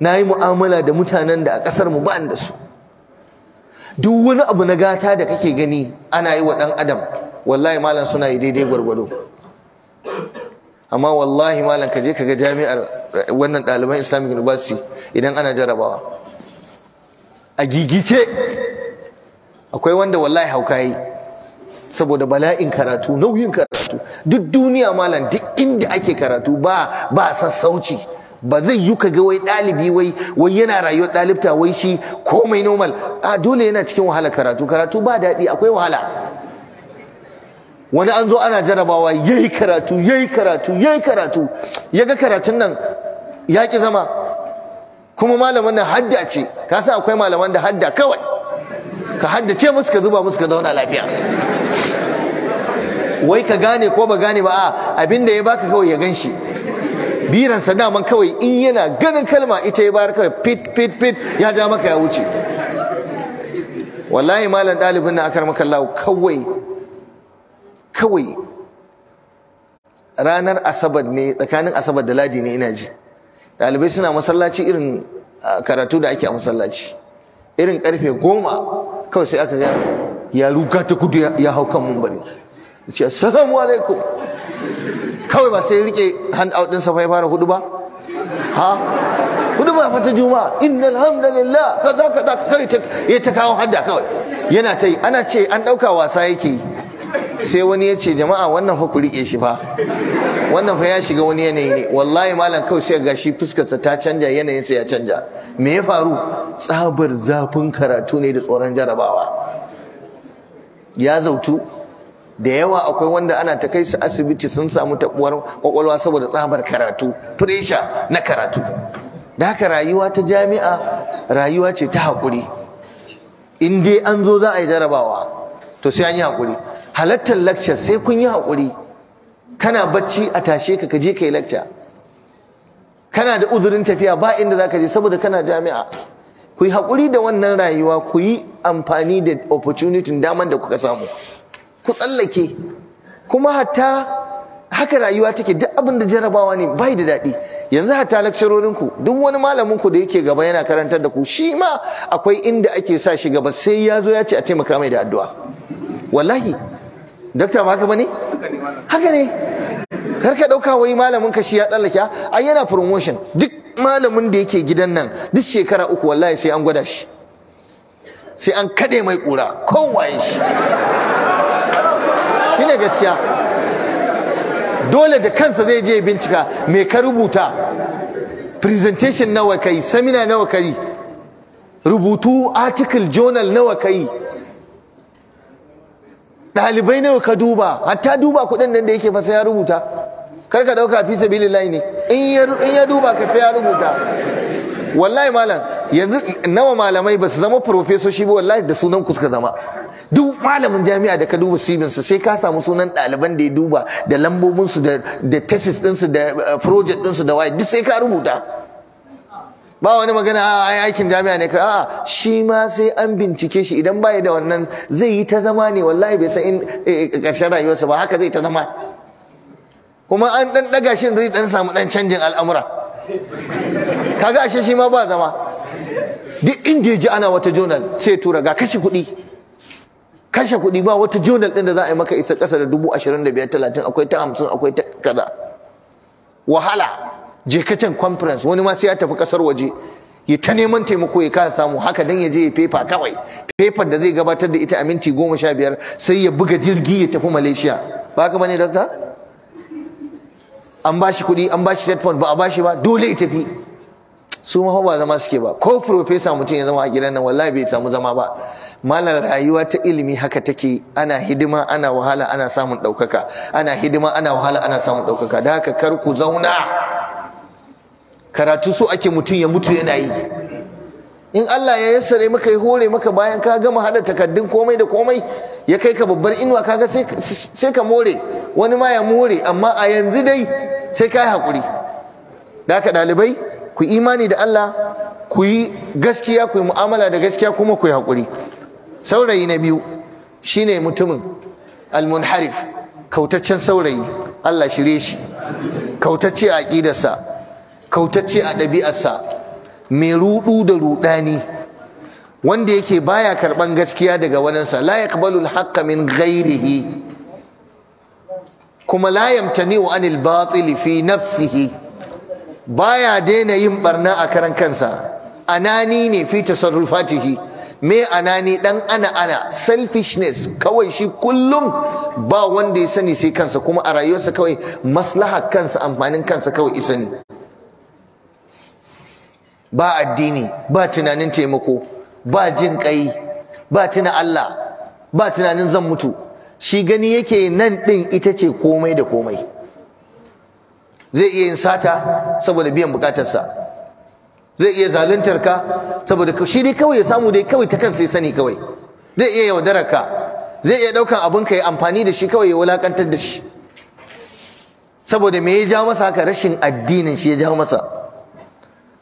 na yi mu'amala da mutanen da a ƙasarmu ba da su duk wani abu na gata da kake gani ana yi wa ɗan adam wallahi malam suna yi daidai gwargwado amma wallahi malam ka je ka ga jami'ar eh, wannan ɗaliban islamic university idan ana jarabawa a gigice akwai wanda wallahi hauka yi saboda bala'in karatu nauyin karatu duk duniya malam duk inda ake karatu ba ba sassauci ba zai yi kaga wai ɗalibi wai wai yana rayuwar ɗalibta wai shi komai normal a dole yana cikin wahala karatu karatu ba daɗi akwai wahala wani an zo ana jarabawa yayi karatu yayi karatu yayi karatu yaga karatun nan ya ki zama kuma malamin nan hadda ce ka akwai malaman da hadda kawai ka haddace musu ka zuba musu ka zauna lafiya wai ka gane ko ba gane ba a abinda ya baka kawai ya ganshi biransa daman kawai in yana ganin kalma ita ya bayar kawai fit fit fit ya ja maka ya wuce wallahi malam ɗalibin na akar maka Allah kawai kawai ranar asabar ne tsakanin asabar da ladi ne ina ji ɗalibai suna masallaci irin karatu da ake a masallaci irin karfe goma kawai sai aka ga ya ruga ta kudu ya hau kan mun bane ce assalamu alaikum kawai ba sai rike hand out din fa ya fara hudu ba ha hudu ba fa ta juma'a innal hamdalillah kaza kaza kai ya ta kawo hadda kawai yana ta yi ana ce an dauka wasa yake yi sai wani ya ce jama'a wannan fa ku rike shi fa wannan fa ya shiga wani yanayi ne wallahi malam kawai sai ga shi fuskarsa ta canja yanayin yanayinsa ya canja me ya faru tsabar zafin karatu ne da tsoron jarabawa ya zautu da yawa akwai wanda ana ta kai su asibiti sun samu tabuwar kwakwalwa saboda tsabar karatu fresha na karatu da haka rayuwa ta jami'a rayuwa ce ta hakuri? in dai an zo za a yi jarabawa to sai an yi haƙuri halattar lecture sai kun yi haƙuri kana bacci a tashe ka kaje kai lecture kana da uzurin tafiya ba inda zaka je saboda kana jami'a ku yi haƙuri da wannan rayuwa ku yi amfani da opportunity daman da kuka samu ku tsallake kuma hatta haka rayuwa take duk abin da jarabawa ne bai da daɗi yanzu hatta ku duk wani malamin ku da yake gaba yana karantar da ku shi ma akwai inda ake sa shi gaba sai ya zo ya ce a taimaka mai da addu'a wallahi dakta ba haka bane haka ne kar ka dauka wai malamin ka shi ya tsallake ai yana promotion duk malamin da yake gidan nan duk shekara uku wallahi sai an gwada shi sai an kade mai kura kowaye shi shine gaskiya dole da kansa zai je bincika me ka rubuta presentation nawa kai seminar nawa kai rubutu article journal nawa kai ɗalibai nawa ka duba hatta duba kuɗin nan da yake fa sai ya rubuta kar ka ɗauka fi sabilillahi ne in ya duba ka sai ya rubuta wallahi malam yanzu nawa malamai ba su zama profesoshi ba wallahi da sunan ku suka zama duk malamin jami'a da ka duba sibin su sai ka samu sunan ɗaliban da ya duba da lambobin su da thesis din su da eh, project din su da waye duk sai ka rubuta ba wani magana a ai aikin jami'a ne a'a shi ma sai an bincike shi idan baya da wannan zai yi ta zama ne wallahi bai san in eh, eh, ƙarshen rayuwarsa ba haka zai ta zama kuma an dan daga shi zai dan samu dan canjin al'amura kaga ashe shi ma ba zama duk inda ya ji ana wata jonal sai tura ga kashe kuɗi kashe kuɗi ba wata jonal ɗin da za a yi maka isa ƙasa da dubu ashirin da biyar talatin akwai ta hamsin akwai ta kaza wahala je conference wani ma sai ya tafi kasar waje ya ta neman taimako ya kasa samu haka dan ya je ya fefa kawai fefar da zai gabatar da ita a minti goma sha biyar sai ya buga jirgi ya tafi malaysia ba ka bane dakta an bashi kuɗi an bashi headphone ba a bashi ba dole ya tafi su ma ba zama suke ba ko profesa mutum ya zama a gidan nan wallahi bai samu zama ba malar rayuwa ta ilimi haka take ana hidima ana wahala ana samun ɗaukaka ana hidima ana wahala ana samun ɗaukaka da haka kar ku zauna karatu su ake mutum ya mutu yana yi in Allah ya yassare maka ya hore maka bayan ka gama hada takaddun komai da komai ya kai ka babbar inuwa kaga sai ka more wani ma ya more amma a yanzu dai sai ka hakuri da ka ɗalibai ku imani da Allah ku yi gaskiya ku yi mu'amala da gaskiya kuma ku yi hakuri saurayi na biyu shine mutumin almunharif kautaccen saurayi Allah shirye shi kautacce a aƙidarsa kautacce a ɗabi'arsa mai rudu da rudani wanda yake baya karɓar gaskiya daga waninsa la yaqbalu al-haqqa min ghairihi kuma la yamtani'u anil batil fi nafsihi baya daina yin barna a karan kansa anani ne fi tasarrufatihi me anani dan ana ana selfishness kawai shi kullum ba wanda ya sani sai kansa kuma a rayuwarsa kawai maslaha kansa amfanin kansa kawai isani ba addini ba tunanin taimako ba jin kai ba tuna Allah ba tunanin zan mutu shi gani yake nan din ita ce komai da komai zai iya yin sata saboda biyan bukatarsa zai iya zaluntar ka saboda shi dai kawai ya samu dai kawai ta kansa ya sani kawai zai iya yaudarar ka zai iya daukan abin ka ya amfani da shi kawai ya wulakantar da shi saboda me ya ja masa haka rashin addinin shi ya jawo masa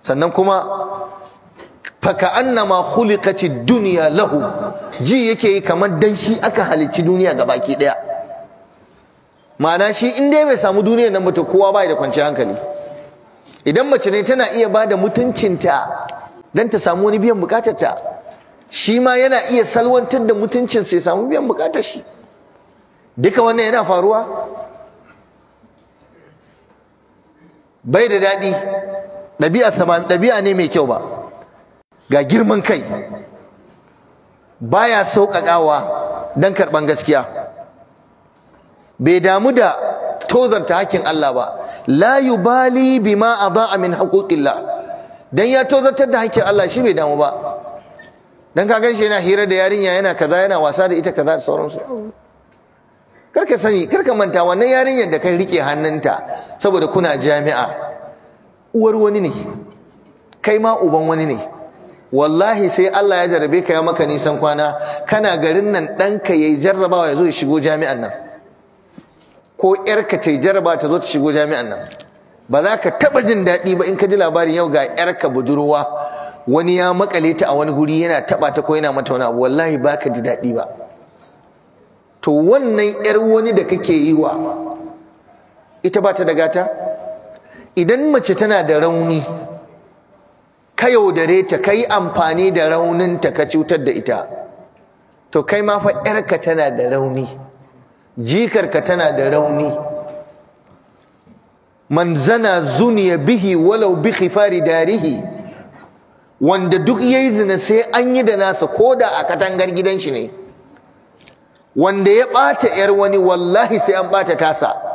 sannan kuma faka annama khuliqati dunya lahu ji yake yi kamar dan shi aka halicci duniya ga baki daya ma'ana shi in dai bai samu duniya nan mutu kowa bai da kwanciyar hankali idan mace ne tana iya bada mutuncinta dan ta samu wani biyan bukatar ta shi ma yana iya salwantar da mutuncin sai samu biyan bukatar shi duka wannan yana faruwa bai da daɗi Ɗabi'a ɗabi'a ne mai kyau ba ga girman kai baya sauƙaƙawa don karɓan gaskiya bai damu da tozarta hakkin Allah ba la yubali bima adaa min haquqillah dan ya tozartar da hakkin Allah shi bai damu ba dan ka ganshi yana hira da yarinya yana kaza yana wasa da ita kaza da sauransu karka sani karka manta wannan yarinyar da kai rike hannunta saboda kuna jami'a uwar wani ne kai ma uban wani ne wallahi sai Allah ya jarabe ka ya maka nisan kwana kana garin nan ɗanka ya yi jarrabawa ya zo ya shigo jami'an nan ko ƴarka ta yi jarraba ta zo ta shigo jami'an nan ba za ka taɓa jin daɗi ba in ka ji labarin yau ga ƴarka budurwa wani ya makale ta a wani guri yana taɓa ta ko yana mata wani abu wallahi ba ka ji daɗi ba to wannan ƴar wani da kake yi wa ita ba ta da gata idan mace tana da rauni ka yaudare ta ka yi amfani da rauninta ka cutar da ita to kai ma fa 'yarka tana da rauni jikarka tana da rauni man zana zuniya bihi walau bi khifari darihi wanda duk yayi zina sai an yi da nasa ko da a katangar gidan shi ne wanda ya ɓata 'yar wani wallahi sai an ɓata tasa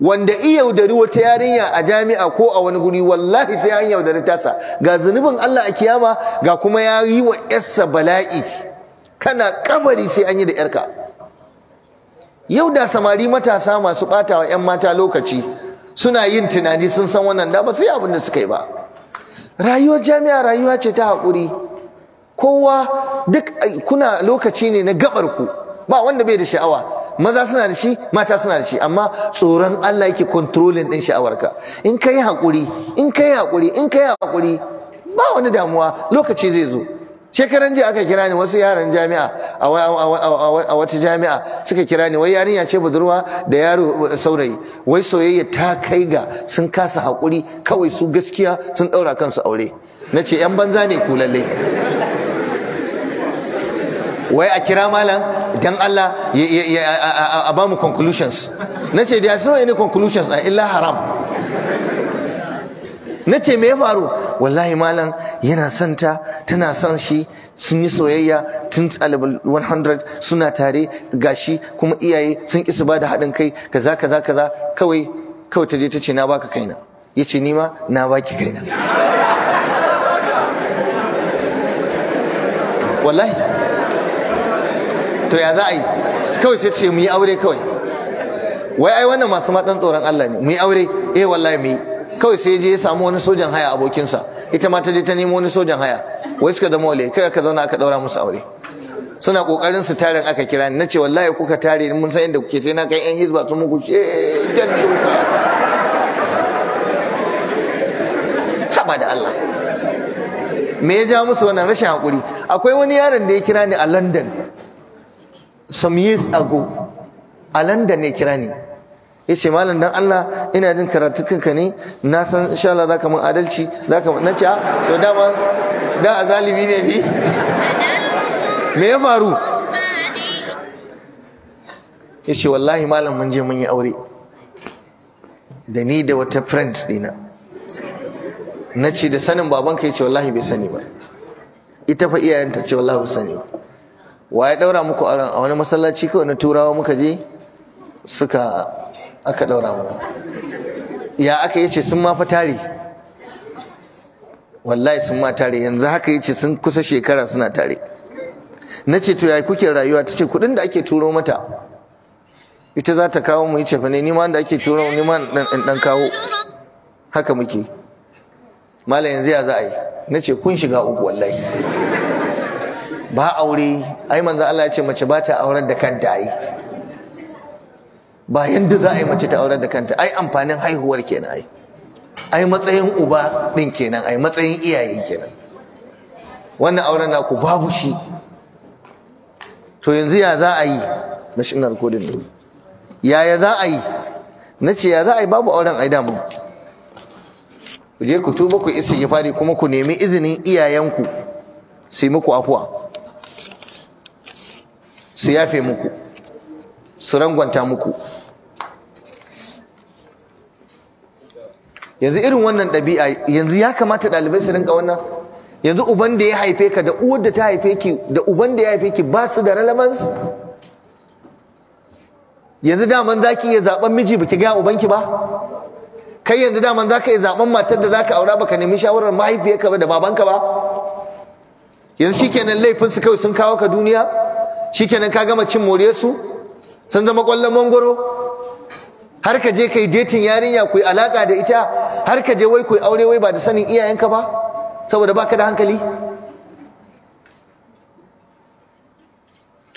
wanda iya yaudari wata yarinya a jami'a ko a wani guri wallahi sai an yaudari tasa ga zunubin Allah a kiyama ga kuma ya yi wa yarsa bala'i kana kabari sai an yi da yarka yau da samari matasa masu bata 'yan mata lokaci suna yin tunani sun san wannan da ba sai abin da suka yi ba rayuwar jami'a rayuwa ce ta haƙuri kowa duk kuna lokaci ne na gabar ku ba wanda bai da sha'awa maza suna da shi mata suna da shi amma tsoron Allah yake controlling din sha'awarka in kai hakuri in kai hakuri in kai hakuri ba wani damuwa lokaci zai zo shekaran jiya aka kira ni wasu yaran jami'a a wata jami'a suka kira ni wai yarinya ce budurwa da yaro eh, saurayi wai soyayya ta kai ga sun kasa hakuri kawai su gaskiya sun ɗaura kansu aure na ce 'yan banza ne ku lallai wai a kira malam dan Allah a ba mu conclusions na ce da suna any conclusions a illa haram na ce me ya faru wallahi malam yana son ta tana son shi sun yi soyayya tun alibal 100 suna tare gashi kuma iyaye sun ki su bada haɗin kai kaza kaza kaza kawai kawai ta je ta ce na baka kaina ya ce nima na baki kaina wallahi to ya za a yi kawai sai ce mu yi aure kawai wai ai wannan masu matsan tsoron Allah ne mu yi aure eh wallahi mu yi kawai sai je ya samu wani sojan haya abokinsa ita ma ta je ta nemo wani sojan haya wai suka zama wale kai ka zauna aka daura musu aure suna kokarin su tarin aka kira ni nace wallahi kuka tare mun san inda kuke sai na kai yan hizba sun muku eh haba da Allah me ya ja musu wannan rashin hakuri akwai wani yaron da ya kira ni a London some years ago a London ne kira ni ya ce malam dan Allah ina jin kanka ne na san insha Allah zaka mun adalci zaka mun nace ah, to dama da a zalibi ne bi me ya faru ya ce wallahi malam mun je mun yi aure da ni da wata friend dina na ce da sanin babanka ya ce wallahi bai sani ba ita fa iyayenta ce wallahi ba sani ba wa ya daura muku aron a wani masallaci kawai na turawa muka je suka aka daura mana ya aka yace sun ma fa tare wallahi sun ma tare yanzu haka yace sun kusa shekara suna tare na ce to ya kuke rayuwa ta ce kuɗin da ake turo mata ita za ta kawo mu yace fa ne nima da ake turo nima dan dan kawo haka muke malam yanzu ya za a yi na ce kun shiga uku wallahi ba aure ai manzo Allah ya ce mace ba ta auren da kanta ai ba yanda za a yi mace ta auren da kanta ai amfanin haihuwar kenan ai ai matsayin uba din kenan ai matsayin iyaye kenan wannan auren naku babu shi to yanzu ya za a yi na shi ina rikodin ya yaya za a yi na ce ya za a yi babu auren ai damu ku je ku tuba ku isa fari kuma ku nemi izinin iyayenku su yi muku afuwa su yafe muku su rangwanta muku yanzu irin wannan ɗabi'a yanzu ya kamata ɗalibai su rinka wannan yanzu uban da ya haife ka da uwar da ta haife ki da uban da ya haife ki ba su da relevance yanzu daman za ki iya zaɓen miji ba ki gaya ubanki ba kai yanzu daman za ka iya zaɓen matar da za ka aura ba ka nemi shawarar mahaifiyarka ba da babanka ba yanzu shikenan laifin su kawai sun kawo ka duniya shikenan ka gama cin moriyarsu sun zama kwallon mangoro har ka je kai detin yarinya ku alaka da ita har ka je wai ku aure wai ba da sanin iyayenka ba saboda baka da hankali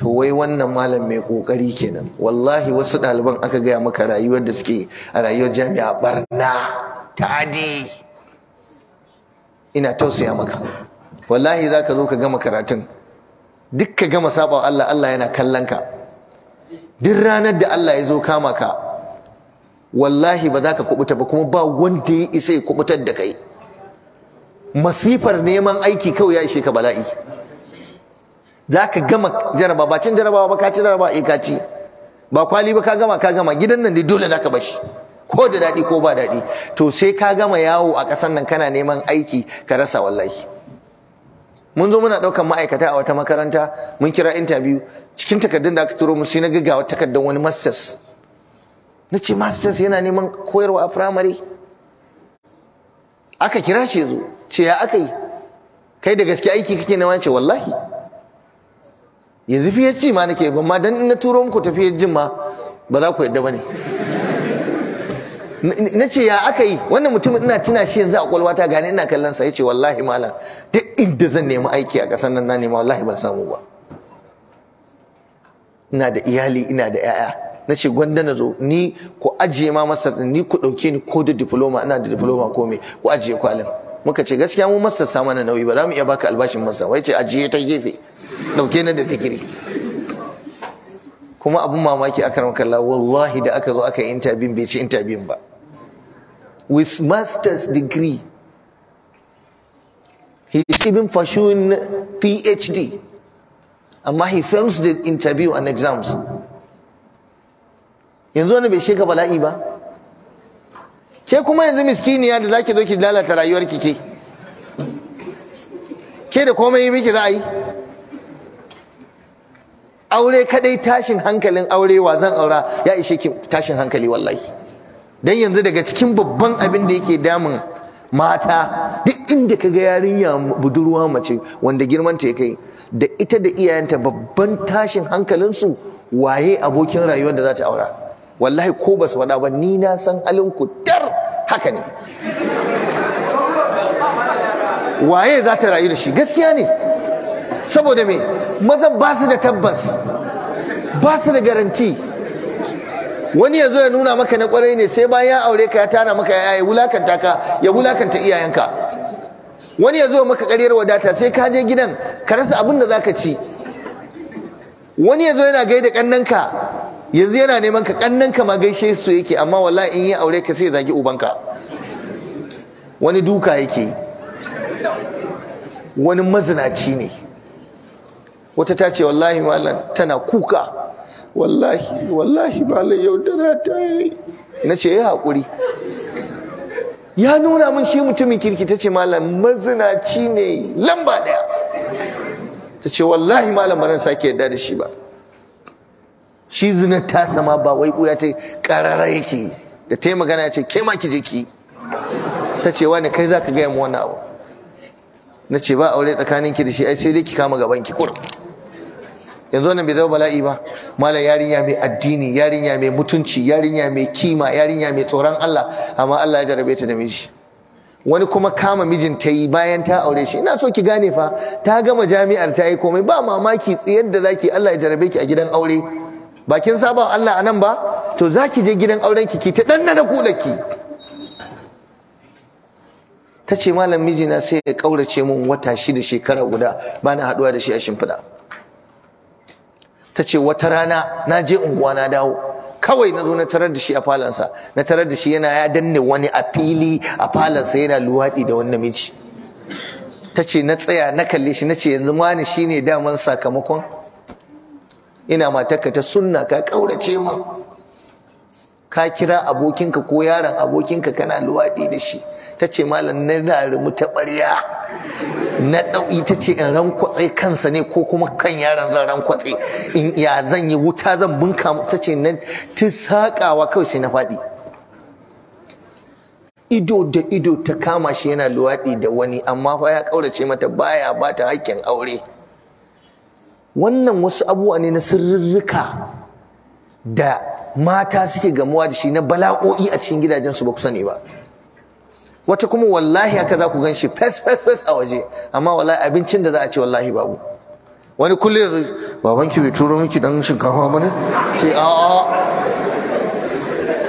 to wai wannan malam mai kokari kenan wallahi wasu ɗaliban aka gaya maka rayuwar da suke a rayuwar jami'a barna ta'adi ina tausaya maka wallahi za ka zo ka gama karatun duk ka gama saba Allah Allah yana kallon ka duk ranar da Allah ya zo kama ka wallahi ba za ka kubuta ba kuma ba wanda ya isa ya kubutar da kai masifar neman aiki kawai ya ishe ka bala'i za ka gama jaraba ba cin jaraba ba ka ci jaraba eh ka ci ba kwali ba ka gama ka gama gidan nan dai dole za ka bashi ko da daɗi ko ba daɗi to sai ka gama yawo a ƙasar nan kana neman aiki ka rasa wallahi mun zo muna ɗaukan ma'aikata a wata makaranta mun kira interview cikin takardun da aka turo mu sai na ga wata takardun wani masters na ce masters yana neman koyarwa a primary aka kira shi zo ce ya aka yi kai da gaske aiki kake na wance wallahi yanzu fiye ci ma nake ban ma dan in na turo muku tafiyar jin ma ba za ku yadda ba ne na ce ya aka yi wannan mutumin ina tuna shi yanzu a kwalwata gane ina kallon sa yace wallahi malam duk inda zan nemi aiki a kasan nan na nema wallahi ban samu ba ina da iyali ina da yaya na ce gwanda na zo ni ku ajiye ma masters ni ku ɗauke ni ko da diploma ina da diploma ko me ku ajiye kwalin muka ce gaskiya mu masters sama mana nauyi ba za mu iya baka albashin masa wai ce ajiye ta gefe ɗauke na da digiri kuma abun mamaki aka ramkalla wallahi da aka zo aka yi intabin bai ci intabin ba with master's degree he is even pursuing phd amma he fails the interview and exams yanzu wani bai sheka bala'i ba ke kuma yanzu miskiniya da zaki zo ki lalata rayuwar ki ke ke da komai miki za a yi aure kadai tashin hankalin aure wa zan aura ya ishe ki tashin hankali wallahi dan yanzu daga cikin babban abin da yake damun mata duk inda kaga yarinya budurwa mace wanda girmanta ya kai da ita da iyayenta babban tashin hankalinsu waye abokin rayuwar da za ta aura wallahi ko ba su ba ni na san halin ku dar haka ne waye za ta rayu da shi gaskiya ne saboda me mazan ba su da tabbas ba su da garanti wani yazo ya nuna maka na kwarai ne sai bayan ya aure ka ya tana maka ya wulakanta ka ya wulakanta iyayenka wani yazo maka ƙaryar wadata sai ka je gidan ka rasa abin da zaka ci wani yazo yana gaida kannanka yanzu yana neman ka kannanka ma gaishe su yake amma wallahi in ya aure ka sai ya zagi ubanka wani duka yake wani mazinaci ne wata ta ce wallahi malam tana kuka wallahi wallahi malam yaudara ta yi na ce ya haƙuri ya nuna min shi mutumin kirki ta ce malam mazinaci ne lamba ɗaya ta ce wallahi malam baran sake yadda da shi ba shi zinar ta sama ba wai ɓuya ta ƙarara yake da ta yi magana ya ce ke ma ki je ki ta ce wani kai za ka gaya mu wani abu na ce ba aure tsakaninki da shi ai sai dai ki kama gaban ki kurum yanzu wannan bai zama bala'i ba malam yarinya mai addini yarinya mai mutunci yarinya mai kima yarinya mai tsoron Allah amma Allah ya jarabe ta da miji wani kuma kama mijin ta yi bayan ta aure shi ina so ki gane fa ta gama jami'ar ta yi komai ba mamaki tsayar da zaki Allah ya jarabe ki a gidan aure ba kin saba Allah a nan ba to zaki je gidan auren ki ki ta danna da kulaki ta ce malam mijina sai ya kaurace mun wata shida shekara guda bana haduwa da shi a shimfiɗa ta ce wata rana na je unguwa na dawo kawai na zo na tarar da shi a falonsa. na tarar da shi yana ya danne wani a fili a falansa yana luwaɗi da wani namiji ta ce na tsaya na kalle shi na ce yanzu mani shi ne daman sakamakon ina matarka ta sunna ka ƙaurace ma ka kira abokinka ko yaron abokinka kana luwaɗi da shi ta ce malam na rarimu ta ɓarya na ɗau'i ta ce in rankwatse kansa ne ko kuma kan yaron zan rankwatse in ya zan yi wuta zan bunka ta ce nan ta saƙawa kawai sai na faɗi ido da ido ta kama shi yana luwaɗi da wani amma fa ya ƙaurace mata baya ba ta haƙƙin aure wannan wasu abubuwa ne na sirrika da mata suke gamuwa da shi na bala'o'i a cikin gidajensu ba ku sani ba wata kuma wallahi haka za ku gan shi fes fes fes a waje amma wallahi abincin da za a ce wallahi babu wani kullum babanki bai turo miki dan shinkafa ba ne a'a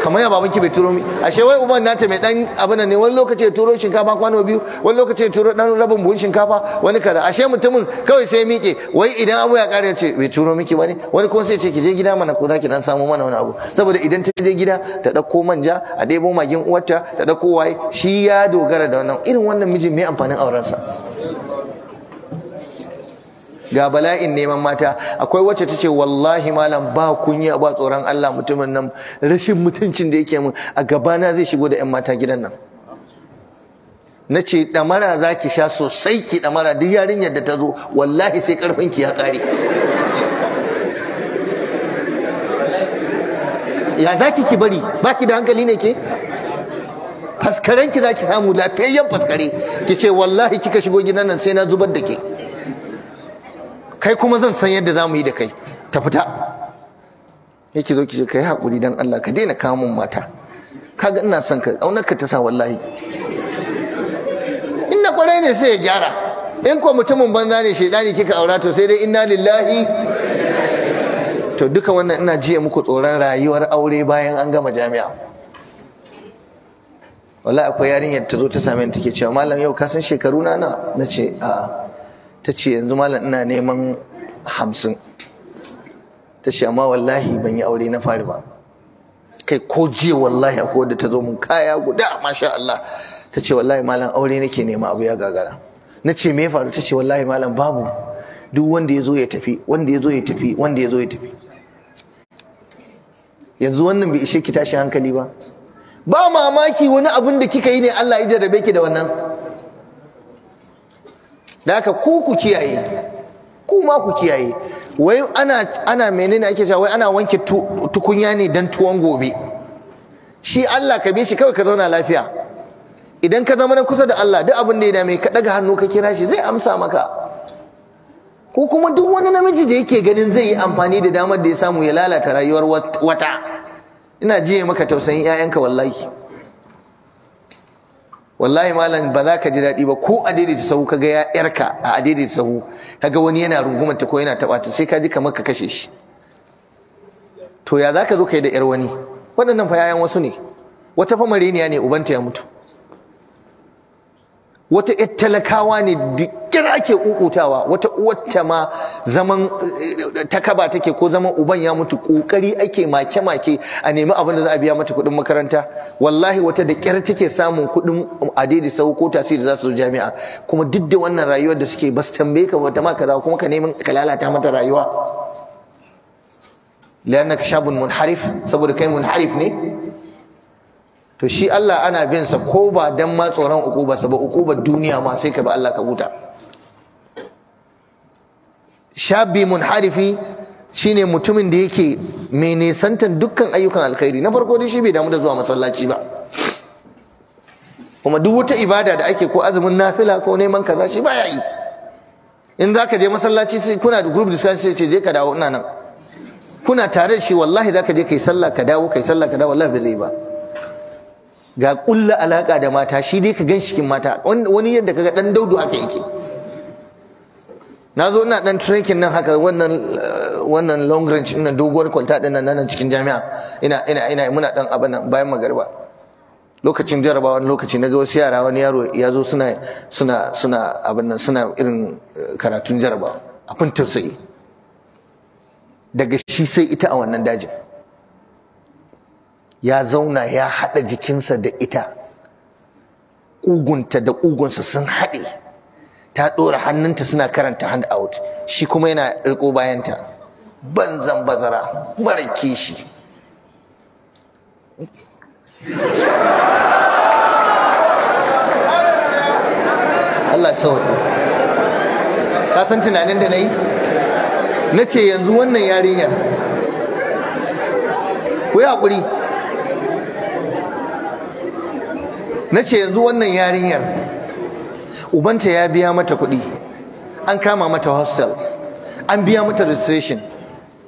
kamar ya babanki bai turo mi ashe wai umar nace mai dan abin ne wani lokaci ya turo shinkafa kwano biyu wani lokaci ya turo dan rabin buhun shinkafa wani kada. ashe mutumin kawai sai miƙe wai idan abu ya ƙara ce bai turo miki bane wani kuma sai ce ki je gida mana ko ki dan samu mana wani abu saboda idan ta je gida ta dauko manja a debo magin uwarta ta dauko waye shi ya dogara da wannan irin wannan mijin mai amfanin aurensa ga bala'in neman mata akwai wacce ta ce wallahi malam ba kunya ba tsoron Allah mutumin nan rashin mutuncin da yake min a gabana zai shigo da 'yan mata gidan nan na ce ɗamara za ki sha sosai ki ɗamara duk yarinyar da ta zo wallahi sai ƙarfinki ya ƙare ya za ki bari ba ki da hankali ne ke faskaren ki za ki samu lafiyayyen faskare ki ce wallahi kika shigo gidan nan sai na zubar da ke kai kuma zan san yadda za mu yi da kai ta fita ya zo ki kai haƙuri don Allah ka daina kamun mata kaga ina son ka aunar ka ta sa wallahi inna kwarai ne sai ya gyara in ko mutumin banza ne ne kika aura to sai dai inna lillahi to duka wannan ina jiya muku tsoron rayuwar aure bayan an gama jami'a wallahi akwai yarinyar ta zo ta same ni take cewa malam yau ka san shekaru na na ce a'a ta ce yanzu malam ina neman hamsin ta ce amma wallahi ban yi aure na fari ba kai ko jiya wallahi ko da ta zo mun kaya guda masha Allah ta ce wallahi malam aure nake nema abu ya gagara na ce me faru ta ce wallahi malam babu duk wanda ya zo ya tafi wanda ya zo ya tafi wanda ya zo ya tafi yanzu wannan bai ishe ki tashi hankali ba ba mamaki wani abin da kika yi ne Allah ya jarrabe ki da wannan da haka ku ku kiyaye ku ma ku kiyaye wai ana ana menene ake cewa wai ana wanke tukunya ne dan tuwon gobe shi Allah ka bi shi kawai ka zauna lafiya idan ka zama na kusa da Allah duk abin da ya dame ka daga hannu ka kira shi zai amsa maka ko kuma duk wani namiji da yake ganin zai yi amfani da damar da ya samu ya lalata rayuwar wata ina jiye maka tausayin 'ya'yanka wallahi wallahi malam ba za ka ji daɗi ba ko a daidaita sahu ka ga yarka a daidaita sahu ka ga wani yana rungumanta ko yana taɓata, sai ka ji kamar ka kashe shi to ya za ka zo ka yi da yar wani waɗannan fa yayan wasu ne wata fa mareniya ne ubanta ya mutu wata yar talakawa ne dukkan ake kukutawa wata uwarta ma zaman eh, takaba take ko zaman uban ya mutu kokari ake make make a nemi abin da za a biya mata kuɗin makaranta wallahi wata da kyar take samun kuɗin adidi sau ko tasiri za su zo jami'a kuma duk da wannan rayuwar da suke ba su tambaye ka wata ma kaza kuma ka neman ka lalata mata rayuwa li'annaka shabun munharif saboda kai munharif ne to shi Allah ana bin sa ko ba dan ma tsoron ukubarsa ba ukubar duniya ma sai ka bi Allah ka huta shabbi munharifi shine mutumin da yake mai nisantan dukkan ayyukan alkhairi na farko dai shi bai damu da zuwa masallaci ba kuma duk wata ibada da ake ko azumin nafila ko neman kaza shi baya yi in zaka je masallaci sai kuna da group discussion sai ce je ka dawo ina nan kuna tare da shi wallahi zaka je kai sallah ka dawo kai sallah ka dawo wallahi bai zai ba ga kulla alaka da mata shi dai ka gan shi mata wani yadda kaga dan daudu aka yake na zo ina dan trekking nan haka wannan wannan long range ina doguwar kwalta din nan nan cikin jami'a ina ina ina muna dan abin nan bayan magariba lokacin jaraba wani lokaci na ga wasu yara wani yaro ya zo suna suna suna abin nan suna irin eh, karatun jaraba abin tausayi daga shi sai ita a wannan dajin ya zauna ya haɗa jikinsa da ita ƙugunta da ƙugunsa sun haɗe ta ɗora hannunta suna karanta hand out shi kuma yana riko bayanta banzan bazara mara kishi Allah sauƙi ka san tunanin da na yi na ce yanzu wannan yarinyar ku yi haƙuri na ce yanzu wannan yarinyar ubanta ya biya mata kuɗi an kama mata hostel an biya mata registration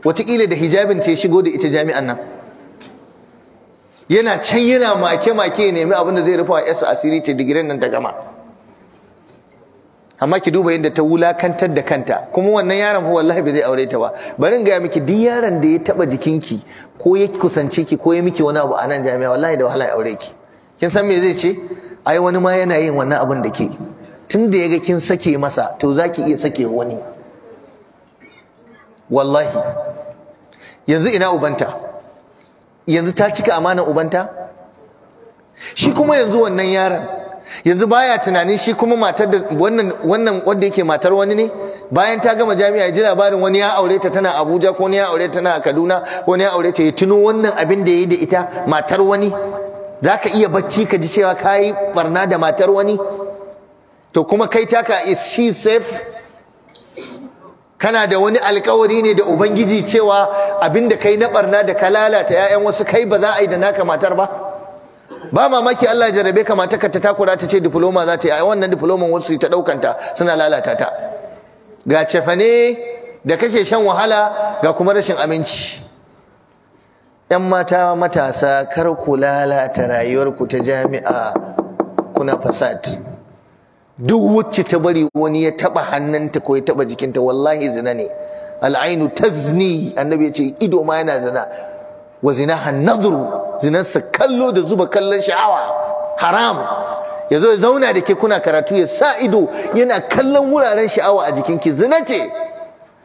watakila da hijabin ta ya shigo da ita jami'an nan yana can yana make-make ya nemi abin da zai rufa wa yasa asiri ta digirin nan ta gama amma ki duba yadda ta wulakantar da kanta kuma wannan yaron fa wallahi bai zai aure ta ba bari in gaya miki duk yaron da ya taba jikinki ko ya kusance ki ko ya miki wani abu a nan jami'a wallahi da wahala ya aure ki kin san me zai ce ai wani ma yana yin wannan abin da ke tun da yaga kin sake masa to zaki iya sake wani wallahi yanzu ina ubanta yanzu ta cika amanar ubanta shi kuma yanzu wannan yaron yanzu baya tunanin shi kuma matar da wannan wannan wanda yake matar wani ne bayan ta gama jami'a ya ji labarin wani ya aure ta tana Abuja ko wani ya aure ta tana Kaduna ko wani ya aure ta ya tuno wannan abin da yayi da ita matar wani za ka iya bacci ka ji cewa ka yi barna da matar wani to kuma kai taka is she safe kana da wani alkawari ne da ubangiji cewa abinda kai na barna da ka lalata 'ya'yan wasu kai ba za a yi da naka matar ba ba mamaki Allah ya jarabe ka ka ta takura ta ce diploma za ta yi a wannan diploma wasu ta ɗaukanta suna lalata ta ga cefane da kake shan wahala ga kuma rashin aminci 'yan mata matasa kar ku lalata rayuwarku ta jami'a kuna fasad duk wacce ta bari wani ya taba hannunta ko ya taba jikinta wallahi zina ne al'ainu tazni annabi ya ce ido ma yana zina wa zina zinan zinarsa kallo da zuba kallon sha'awa haram ya zo ya zauna da ke kuna karatu ya sa ido yana kallon wuraren sha'awa a jikinki zina ce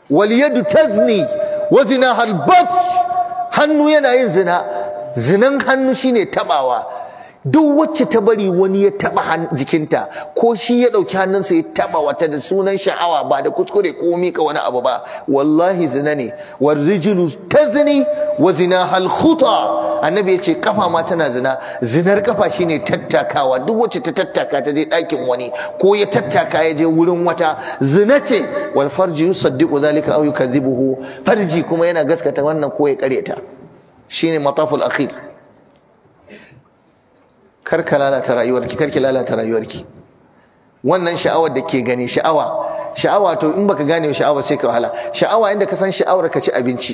wal yadu tazni wa zina halbat hannu yana yin zina zinan hannu shine tabawa duk wacce ta bari wani ya taba jikinta ko shi ya ɗauki hannunsa ya taɓa wata da sunan sha'awa ba da kuskure ko mika wani abu ba wallahi zina ne war ta tazni wa zina hal khuta annabi yace kafa ma tana zina zinar kafa shine tattakawa duk wacce ta tattaka ta je dakin wani ko ya tattaka ya je wurin wata zina ce wal farji yusaddiqu zalika aw yukadhibuhu farji kuma yana gaskata wannan ko ya kareta shine mataful akhir kar ka lalata rayuwarki kar ki lalata rayuwarki wannan sha'awar da ke gani sha'awa sha'awa to in baka gane sha'awa sai ka wahala sha'awa inda ka san sha'awar ka ci abinci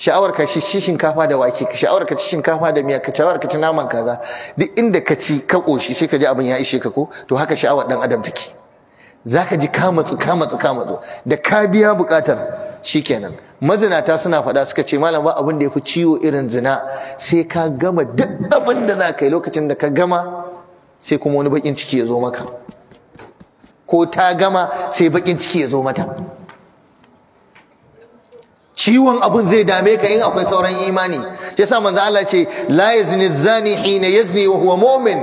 sha'awar ka ci shinkafa da wake sha'awar ka ci shinkafa da miya ka sha'awar ka ci naman kaza duk inda ka ci ka koshi sai ka ji abin ya ishe ka ko to haka sha'awar dan adam take zaka ji kamatsu kamatsu kamatsu da ka biya bukatar shi shikenan mazinata suna faɗa suka ce malam ba abin da ya fi ciwo irin zina sai ka gama duk abin da za ka yi lokacin da ka gama sai kuma wani bakin ciki ya zo maka ko ta gama sai bakin ciki ya zo mata ciwon abun zai dame ka in akwai sauran imani yasa manzo Allah ce la yazni zani hina yazni wa huwa mu'min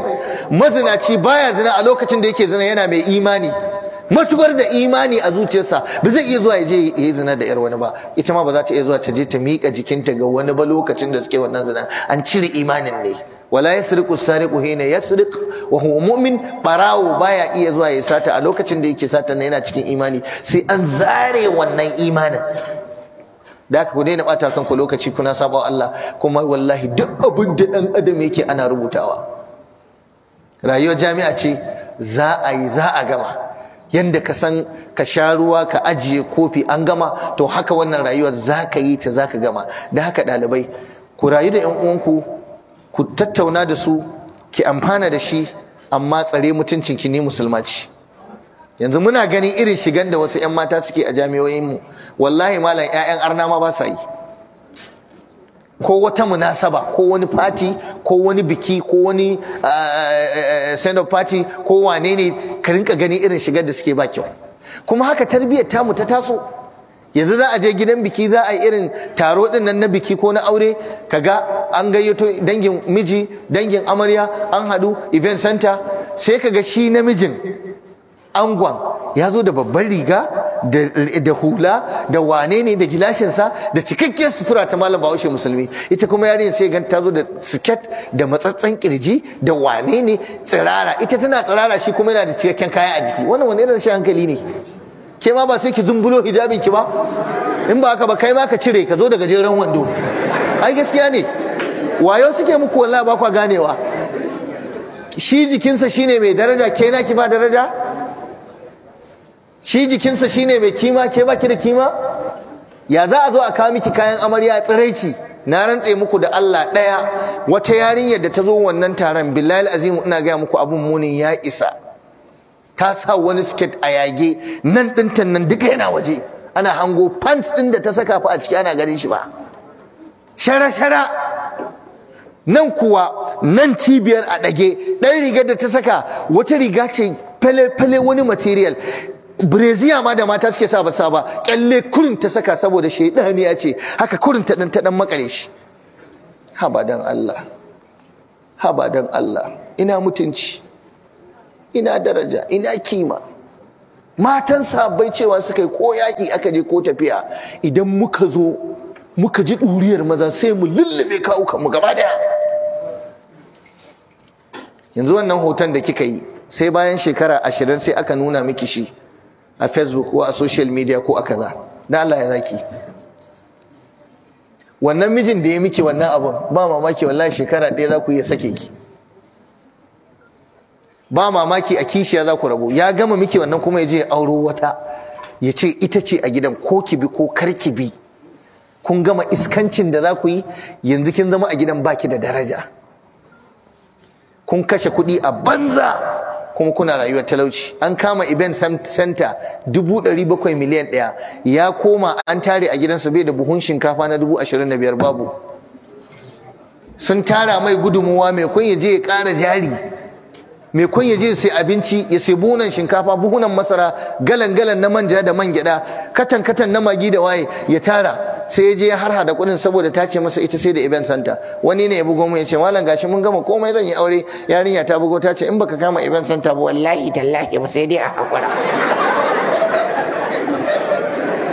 mazinaci baya zina a lokacin da yake zina yana mai imani matukar da imani a zuciyarsa ba zai iya zuwa ya je ya yi zina da yar wani ba ita ma ba za ta iya zuwa ta je ta miƙa jikinta ga wani ba lokacin da suke wannan zina an cire imanin ne wala yasriqu sariqu hina yasriq wa huwa mu'min barawo baya iya zuwa ya sata a lokacin da yake sata na yana cikin imani sai an zare wannan imanin da haka ku daina bata kanku lokaci kuna saba Allah kuma wallahi duk abin da dan adam yake ana rubutawa rayuwar jami'a ce za a yi za a gama Yadda ka san ka sha ruwa ka ajiye kofi an gama to haka wannan rayuwar za ka yi ta za ka gama da haka ɗalibai ku rayu da yan uwanku ku tattauna da su ki amfana da shi amma tsare mutuncin ki ne musulmaci yanzu muna gani irin shigan da wasu yan mata suke a jami'o'in mu wallahi malam 'ya'yan arna ma ba sa yi ko wata munasaba ko wani fati ko wani biki ko wani uh, uh, send of party ko wane ne ka rinka gani irin shigar da suke ba kyau kuma haka tarbiyyar tamu ta taso yanzu za a je gidan biki za a yi irin taro din nan na biki ko na aure kaga an gayyato dangin miji dangin amarya an haɗu event center sai kaga shi namijin angon ya zo da babban riga da hula da wane ne da gilashinsa da cikakken sutura ta malam bahaushe musulmi ita kuma yarin sai gan ta zo da siket da matsatsen kirji da wane ne tsirara ita tana tsirara shi kuma yana da cikakken kaya a jiki wannan wani irin shi hankali ne ke ma ba sai ki zumbulo hijabin ki ba in ba haka ba kai ma ka cire ka zo da gajeren wando ai gaskiya ne wayo suke muku wallahi ba kwa ganewa shi jikinsa shine mai daraja ke na ki ba daraja shi jikinsa shine mai kima ke baki da kima ya za a zo a kawo miki kayan amarya tsiraici na rantse muku da Allah ɗaya wata yarinyar da ta zo wannan taron billahi azimu ina gaya muku abin munin ya isa ta sa wani siket a yage nan ɗinta nan duka yana waje ana hango pants ɗin da ta saka fa a ciki ana ganin shi ba shara shara nan kuwa nan cibiyar a ɗage ɗan rigar da ta saka wata riga ce fale fale wani material breziya ma da mata suke sa ba sa kyalle kurin ta saka saboda shaidani ya ce haka kurin ta dan ta dan makare shi haba dan Allah haba dan Allah ina mutunci ina daraja ina kima matan sabai cewa suka yi ko yaki aka je ko tafiya idan muka zo muka ji duriyar maza sai mu lullube kawukan mu gaba daya yanzu wannan hoton da kika yi sai bayan shekara ashirin sai aka nuna miki shi a facebook ko a social media ko a kaza da Allah ya zaki wannan mijin da ya miki wannan abun ba mamaki wallahi shekara ɗaya za ku iya sake ki ba mamaki a kishiya za ku rabu ya gama miki wannan kuma ya je ya auro wata ya ce ita ce a gidan ko ki bi ko kar ki bi kun gama iskancin da za ku yi yanzu kin zama a gidan baki da daraja kun kashe kuɗi a banza kuma kuna rayuwar talauci an kama event center dubu ɗari bakwai miliyan ɗaya ya koma an tare a gidansa bai da buhun shinkafa na dubu ashirin da biyar babu sun tara mai gudunmuwa mai kun ya je ya ƙara jari mai kun ya je sai abinci ya sai bunan shinkafa buhunan masara galan galan na manja da man gyada katan katan na magi da waye ya tara sai ya je ya harha da kudin saboda ta ce masa ita sai da event center wani ne ya bugo mu ya ce malam gashi mun gama komai zan yi aure yarinya ta bugo ta ce in baka kama event center ba wallahi tallahi ba sai dai a hakura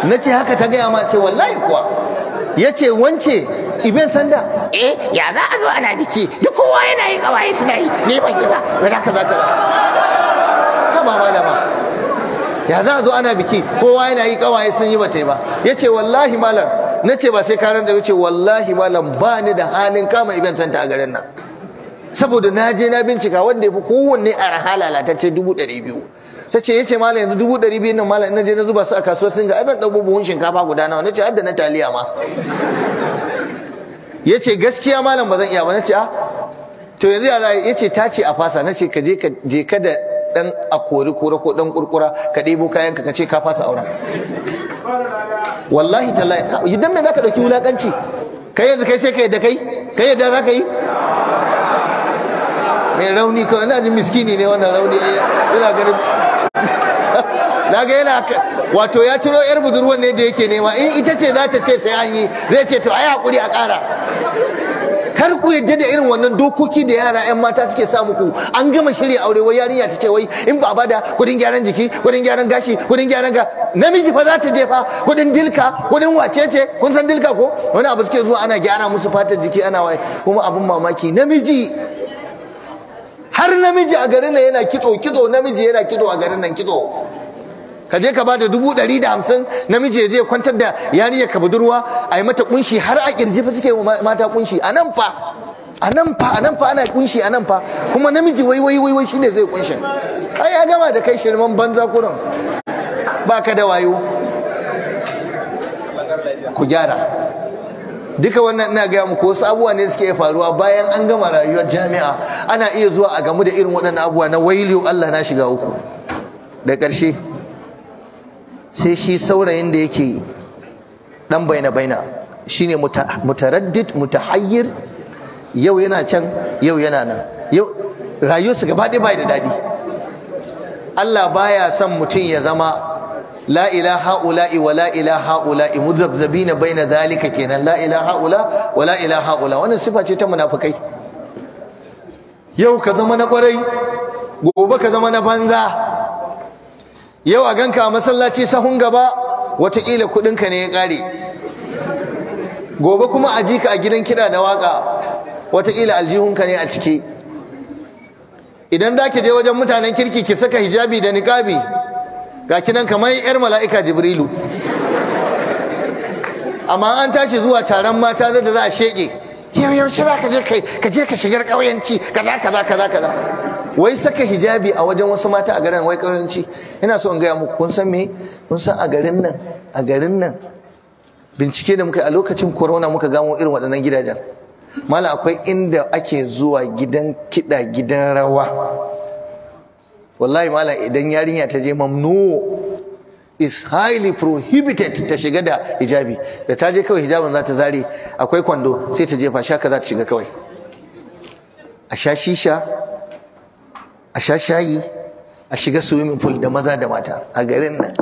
na ce haka ta gaya ma ce wallahi kuwa ya ce wance iben sanda eh ya za a zo ana biki duk kowa yana yi kawaye suna yi ne ban yi ba kaza kaza kaza ka ba ba ya za a zo ana biki kowa yana yi kawaye sun yi ba ta yi ba ce wallahi malam na ce ba sai karan da ce wallahi malam ba ni da halin kama iben sanda a garin nan saboda na je na bincika wanda ya fi kowanne a rahala ce dubu ɗari biyu ta ce yace malam yanzu dubu ɗari biyu nan malam na je na zuba su a kasuwa sun ga zan ɗau buhun shinkafa guda nawa na ce da na taliya ma ya ce gaskiya malam ba zan iya ba na ce a ah, to yanzu ya zai ya ce ta ce a fasa na ce ka je ka je ka da dan akori kura ko dan kurkura ka ɗebo kayan ka ce ka fasa auren wallahi tallahi ah, idan me zaka dauki wulakanci kai yanzu kai sai ka yadda kai kai yadda zaka yi mai rauni kawai ina jin miskini ne wannan rauni ina ganin naga yana wato ya ciro yar budurwan ne da yake nema in ita ce za ta ce sai an yi zai ce to ai hakuri a ƙara kar ku yadda da irin wannan dokoki da yara yan mata suke sa muku an gama shirya aure wai yarinya ta ce wai in ba bada kudin gyaran jiki kudin gyaran gashi kudin gyaran ga namiji fa za ta je fa kudin dilka kudin wacece kun san dilka ko wani abu suke zuwa ana gyara musu fatar jiki ana wai kuma abun mamaki namiji har namiji a garin nan yana kitso kido namiji yana kitso a garin nan kitso ka je ka bada dubu ɗari da hamsin namiji ya je kwantar da yarinya ka budurwa a yi mata kunshi har a kirji fa suke mata kunshi a nan fa a nan fa a nan fa ana kunshi a nan fa kuma namiji wai wai wai shine zai kunshi ai ya gama da kai shirman banza kurin baka da wayo ku gyara duka wannan ina gaya muku wasu abubuwa ne suke faruwa bayan an gama rayuwar jami'a ana iya zuwa a gamu da irin waɗannan abubuwa na wailiyu Allah na shiga uku da ƙarshe sai shi saurayin da yake dan baina baina shine mutaraddid mutahayyir yau yana can yau yana nan yau rayuwarsa gaba ɗaya bai da daɗi Allah baya son mutum ya zama la ila haula'i wa la muzabzabi na bai na dhalika kenan la ila haula wa la ila haula wannan sifa ce ta munafukai. yau ka zama na kwarai gobe ka zama na banza yau a ganka a masallaci sahun gaba watakila kuɗinka ne ya ƙare gobe kuma a jika a gidan kiɗa da waƙa watakila aljihunka ne a ciki idan da ke je wajen mutanen kirki ke saka hijabi da niƙabi ga kinan kamar yar mala'ika jibrilu amma an tashi zuwa taron mata zai da za a shege yau yau shi ka je kai ka je ka shigar ƙauyenci kaza kaza kaza kaza wai saka hijabi a wajen wasu mata a garin wai ƙauyenci ina so in gaya muku kun san me kun san a garin nan a garin nan bincike da muka a lokacin corona muka gamo irin waɗannan gidajen mala akwai inda ake zuwa gidan kiɗa gidan rawa wallahi malam idan yarinya ta je mamnu is highly prohibited ta shiga da hijabi da ta je kawai hijabin za ta zare akwai kwando sai ta jefa shaka za ta shiga kawai a sha shisha a sha shayi a shiga swimming pool da maza da mata a garin nan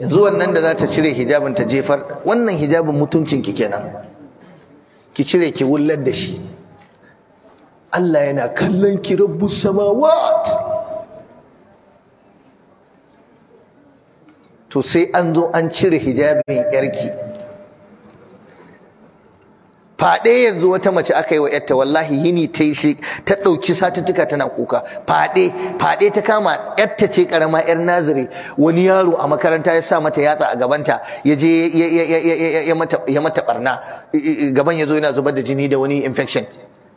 yanzu wannan da za ta cire hijabin ta jefar wannan hijabin mutuncin ki kenan ki cire ki wullar da shi Allah yana kallon ki rabbus samawat to sai an zo an cire hijabin yarki faɗe yanzu wata mace aka yi wa yarta wallahi yini ta yi shi ta ɗauki satuttuka tana kuka faɗe faɗe ta kama yarta ce karama yar naziri wani yaro a makaranta ya sa mata yatsa a gabanta ya je ya mata barna gaban ya zo yana zubar da jini da wani infection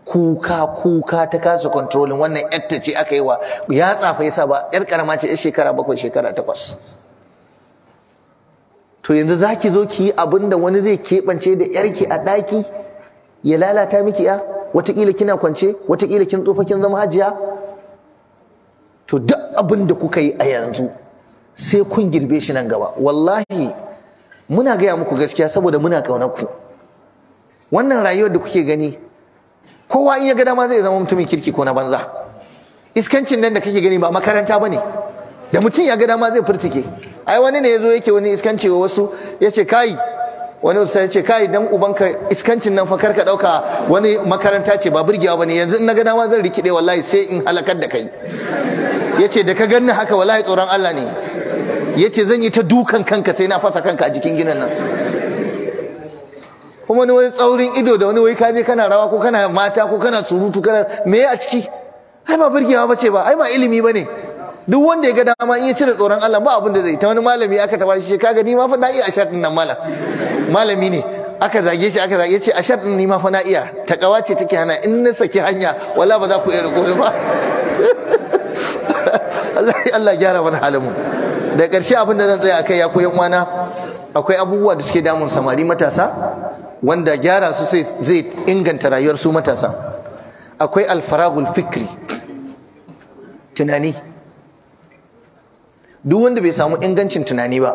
kuka kuka ta kasa controlling wannan yatta ce aka yi wa ya tsafa yasa ba yar karama ce yar shekara bakwai shekara takwas to yanzu za ki zo ki yi abin da wani zai keɓance da yarki a ɗaki ya lalata miki ya wataƙila kina kwance wataƙila kin tsofa kin zama hajiya to duk abin da kuka yi a yanzu sai kun girbe shi nan gaba wallahi muna gaya muku gaskiya saboda muna ƙaunar ku wannan rayuwar da kuke gani kowa in ya ga dama zai zama mutumin kirki ko na banza iskancin nan da kake gani ba makaranta bane da mutum ya ga dama zai furtike ai wani ne yazo yake wani iskanci wa wasu yace kai wani usta yace kai dan ubanka iskancin nan fa ka dauka wani makaranta ce ba burgewa bane yanzu in na ga dama zan rikide wallahi sai in halakar da kai yace da ka ganni haka wallahi tsoron Allah ne yace zan yi ta dukan kanka sai na fasa kanka a jikin ginin nan kuma ni wani tsaurin ido da wani wai kaje kana rawa ko kana mata ko kana surutu kana me a ciki ai ba burgewa bace ba ai ma ilimi bane duk wanda ya ga dama in ya cire tsoron Allah ba abin da zai ta wani malami aka taba shi kaga ni ma fa na iya ashar nan malam malami ne aka zage shi aka zage shi ashar din ni ma fa na iya takawa ce take hana in na saki hanya wala ba za ku iya rigo ba Allah Allah gyara mana halin mu da ƙarshe abin da zan tsaya akai ya koyan wana akwai abubuwa da suke damun samari matasa wanda gyara su zai inganta rayuwar su matasa akwai alfaragul fikri tunani duk wanda bai samu ingancin tunani ba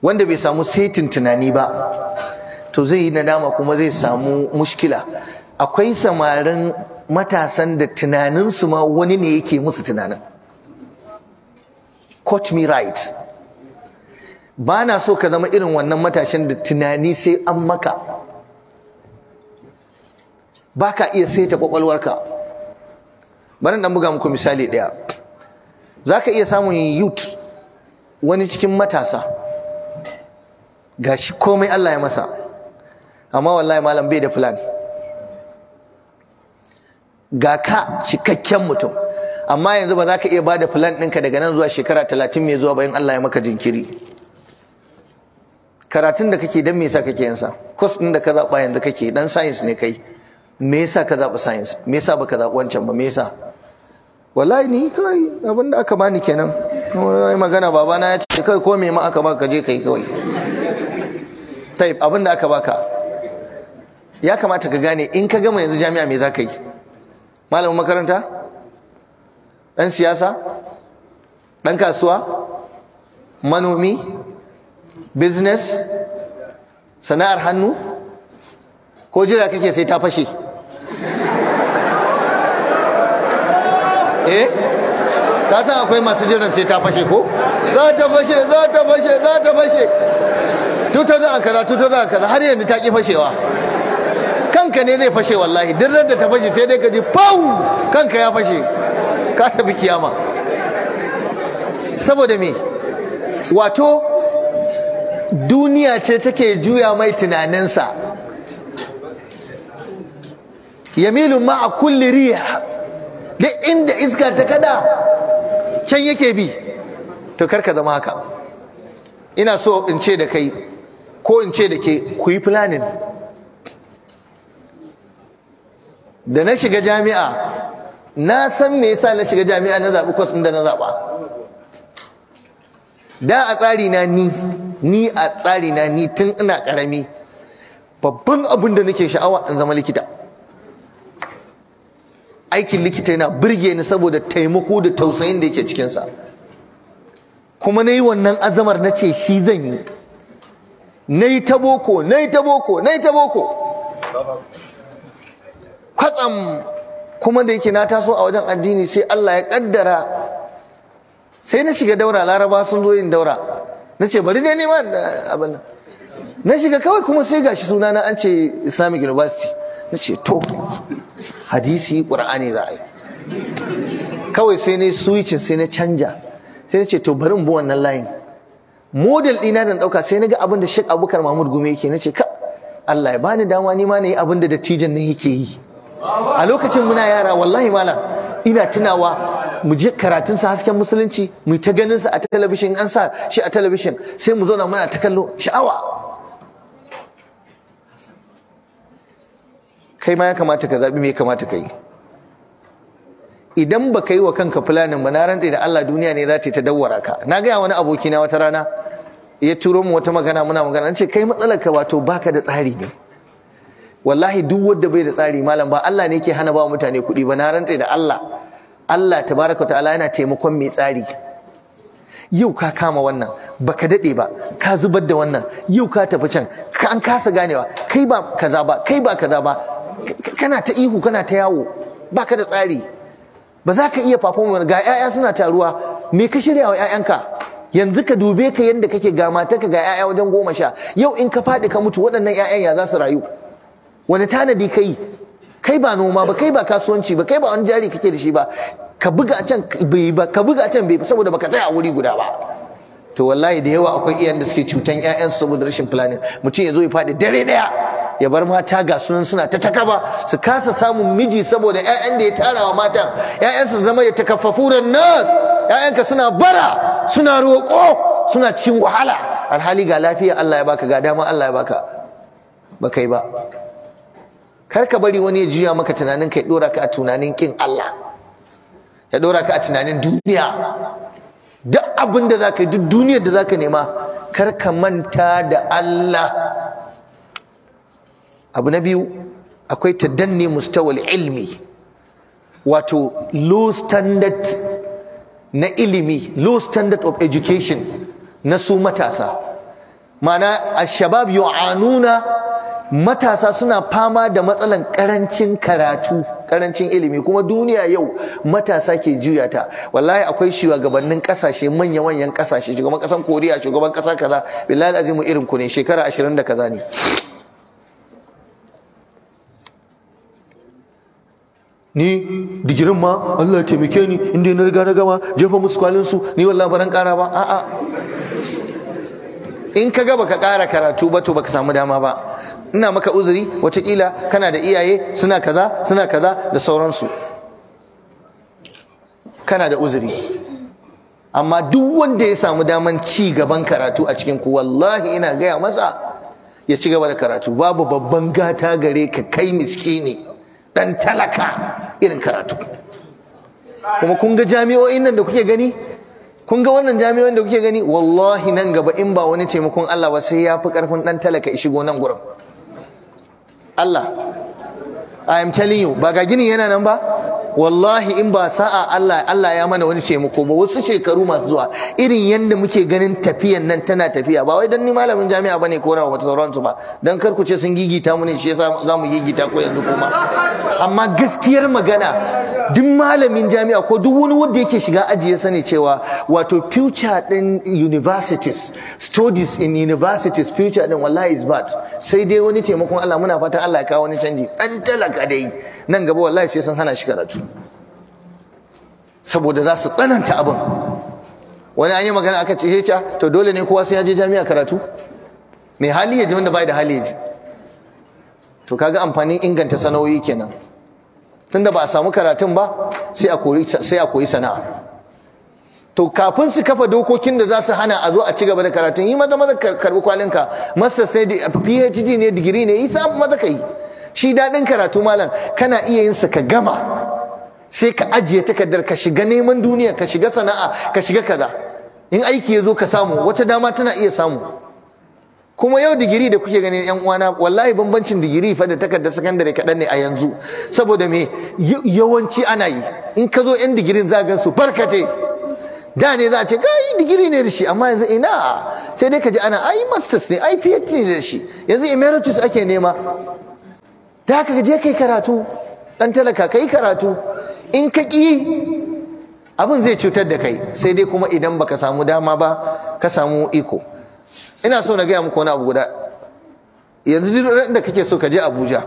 wanda bai samu setin tunani ba to zai yi nadama kuma zai samu mushkila akwai samarin matasan da tunaninsu ma wani ne yake musu tunanin coach me right ba na so ka zama irin wannan matashin da tunani sai an maka ba ka iya saita kwakwalwarka bari dan buga muku misali ɗaya za ka iya samun youth wani cikin matasa gashi komai Allah ya masa amma wallahi malam bai da fulani ga ka cikakken mutum amma yanzu ba za ka iya ba da fulan ɗinka daga nan zuwa shekara talatin mai zuwa bayan Allah ya maka jinkiri karatun da kake dan me yasa kake yansa course din da ka zaba yanzu kake dan science ne kai me yasa ka zaba science me yasa baka zaba wancan ba me yasa wallahi ni kai abinda aka bani kenan wai magana babana ya ce kai ko me ma aka baka je kai kawai tayi abinda aka baka ya kamata ka gane in ka gama yanzu jami'a me za ka yi malamin makaranta dan siyasa dan kasuwa manomi business sana'ar hannu ko jira kake sai ta fashe eh ka san akwai masu jiran sai ta fashe ko za ta fashe za ta fashe za ta fashe tutar da kaza tutar da kaza har yanzu ta ki fashewa kanka ne zai fashe wallahi duk da ta fashe sai dai ka ji pau kanka ya fashe ka tafi kiyama saboda me wato duniya ce take juya mai tunaninsa yamilu ma a kulli riya duk inda iska ta kada can yake bi to karka zama haka ina so in ce da kai ko in ce da ke ku yi planning da na shiga jami'a na san me yasa na shiga jami'a na zaɓi kwas ɗin da na zaɓa da a tsari na ni ni a tsari na ni tun ina karami babban abin da nake sha'awa in zama likita aikin likita yana birge ni saboda taimako da tausayin da yake cikinsa kuma na yi wannan azamar na ce shi zan yi na yi ta boko na yi ta boko na yi ta boko kwatsam kuma da yake na taso a wajen addini sai Allah ya kaddara sai na shiga daura laraba sun zo yin daura na ce bari dai neman eh, abin nan na shiga kawai kuma sai gashi suna na an ce islamic university na ce to hadisi ƙur'ani za a yi kawai sai na switching sai na canja sai na ce to bari buwan bi wannan layin model ɗina da ɗauka sai na ga abin da shek Abubakar Mahmud Gume yake na ce ka Allah ya bani dama ni ma na yi abin da dattijan nan yake yi a lokacin muna yara wallahi mala ina tunawa mu je karatun sa hasken musulunci mu ta ganin sa a talabishin an sa shi a talabishin sai mu zauna muna ta kallo sha'awa kai ma ya kamata ka zabi me ya kamata ka yi idan ba ka yi wa kanka fulanin ba na rantse da Allah duniya ne za ta ta dawwara ka na gaya wani aboki na wata rana ya turo mu wata magana muna magana an ce kai matsalar ka wato baka da tsari ne wallahi duk wanda bai da tsari malam ba Allah ne yake hana ba mutane kuɗi ba na rantse da Allah Allah tabaraka ta'ala yana taimakon mai tsari yau ka kama wannan baka dade ba ka zubar da wannan yau ka tafi can ka an kasa ganewa kai ba kaza ba kai ba kaza ba kana ta ihu kana ta yawo baka da tsari ba za ka iya wani ga yaya suna taruwa me ka shirya wa yayanka yanzu ka dube ka yanda kake ga ka ga yaya wajen goma sha yau in ka faɗi ka mutu waɗannan yayan ya za su rayu wani tanadi kai kai ba noma ba kai ba kasuwanci ba kai ba wani jari kake da shi ba ka buga a can bai ba ka buga a can bai saboda baka tsaya a wuri guda ba to wallahi da yawa akwai iyayen da suke cutan ƴaƴansu saboda rashin planning mutum ya zo ya faɗi dare daya ya bar mata ga sunan suna ta takaba su kasa samun miji saboda ƴaƴan da ya tara wa matan ƴaƴansu zama ya takaffafu da nas ƴaƴanka suna bara suna roƙo suna cikin wahala alhali ga lafiya Allah ya baka ga dama Allah ya baka ba kai ba kar ka bari wani ya juya maka tunanin ka ya dora ka a tunanin kin Allah ya dora ka a tunanin duniya duk abin da zaka yi duk duniyar da zaka nema kar ka manta da Allah abu na biyu akwai tadanni mustawal ilmi wato low standard na ilimi low standard of education na su matasa mana ashabab yu'anuna matasa suna fama da matsalan karancin karatu karancin ilimi kuma duniya yau matasa ke juya ta wallahi akwai shugabannin kasashe manya manyan kasashe shugaban kasan koriya shugaban kasa kaza billahi azimu irin ku ne shekara 20 da kaza ne ni digirin ma Allah taimake ni inda na riga na gama jefa musu kwalin su ni wallahi baran kara ba a'a in ka ga baka kara karatu ba to baka samu dama ba ina maka uzuri watakila kana da iyaye suna kaza suna kaza da sauransu kana da uzuri amma duk wanda ya samu daman ci gaban karatu a cikin ku wallahi ina gaya masa ya ci gaba da karatu babu babban gata gare ka kai miskini dan talaka irin karatu kuma kun ga jami'o'in nan da kuke gani kun ga wannan jami'o'in da kuke gani wallahi nan gaba in ba wani taimakon Allah ba sai ya fi karfin dan talaka shigo nan gurin Allah I am telling you ba ga gini yana nan ba wallahi in ba sa'a Allah Allah ya mana wani taimako ba wasu shekaru masu zuwa irin yanda muke ganin tafiyan nan tana tafiya ba wai dan ni malamin jami'a bane ko na wata sauransu ba dan kar ku ce sun gigita mu ne shi yasa za mu gigita ko yanzu kuma amma gaskiyar magana duk malamin jami'a ko duk wani wanda yake shiga aji ya sani cewa wato future din universities studies in universities future din wallahi is bad sai dai wani taimakon Allah muna fatan Allah ya kawo wani canji dan talaka dai nan gaba wallahi sai sun hana shi karatu saboda za su tsananta abin wani an yi magana aka ce hecha to dole ne kowa sai ya je jami'a karatu mai hali ya ji wanda bai da hali ya ji to kaga amfanin inganta sana'o'i kenan tunda ba a samu karatun ba sai a koyi sana'a to kafin su kafa dokokin da za su hana a zo a ci gaba da karatun yi maza maza karbi kwalinka masa sai PhD ne digiri ne yi sa maza ka yi shi daɗin karatu malam kana iya yin sa ka gama sai ka ajiye takardar ka shiga neman duniya ka shiga sana'a ka shiga kaza in aiki ya zo ka samu wata dama tana iya samu kuma yau digiri da kuke ganin yan uwana wallahi bambancin digiri fa da takardar sakandare kaɗan ne a yanzu saboda me yawanci ana yi in ka zo yan digirin za gan su barkate da ne za a ce kai digiri ne da shi amma yanzu ina sai dai ka ji ana ai masters ne ai phd ne da shi yanzu emeritus ake nema da haka ka je kai karatu dan talaka kai karatu in ka ƙi abin zai cutar da kai sai dai kuma idan baka samu dama ba ka samu iko ina so na gaya muku wani abu guda yanzu duk da kake so ka je abuja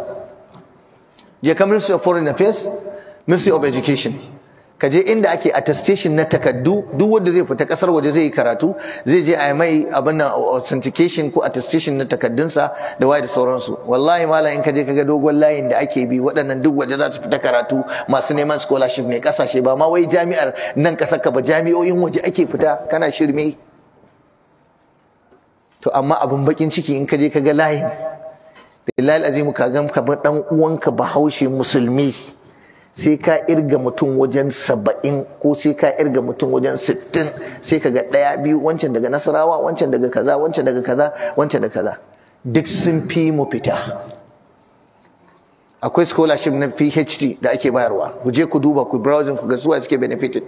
je ka ministry of foreign affairs ministry of education ka je inda ake attestation na takaddu duk wanda zai fita kasar waje zai yi karatu zai je a yi mai abin nan authentication ko attestation na takaddunsa da waye da sauransu wallahi malam in ka je kaga dogon layin da ake bi waɗannan duk waje za su fita karatu masu neman scholarship ne kasashe ba ma wai jami'ar nan kasar ka ba jami'o'in waje ake fita kana shirme to amma abin bakin ciki in ka je kaga layin billahi alazim ka ga kamar dan uwanka bahaushe musulmi sai ka irga mutum wajen saba'in ko sai ka irga mutum wajen sittin sai ka ga ɗaya biyu wancan daga nasarawa wancan daga kaza wancan daga kaza wancan daga kaza duk sun fi mu fita akwai scholarship na PhD da ake bayarwa ku je ku duba ku browsing ku ga zuwa suke benefited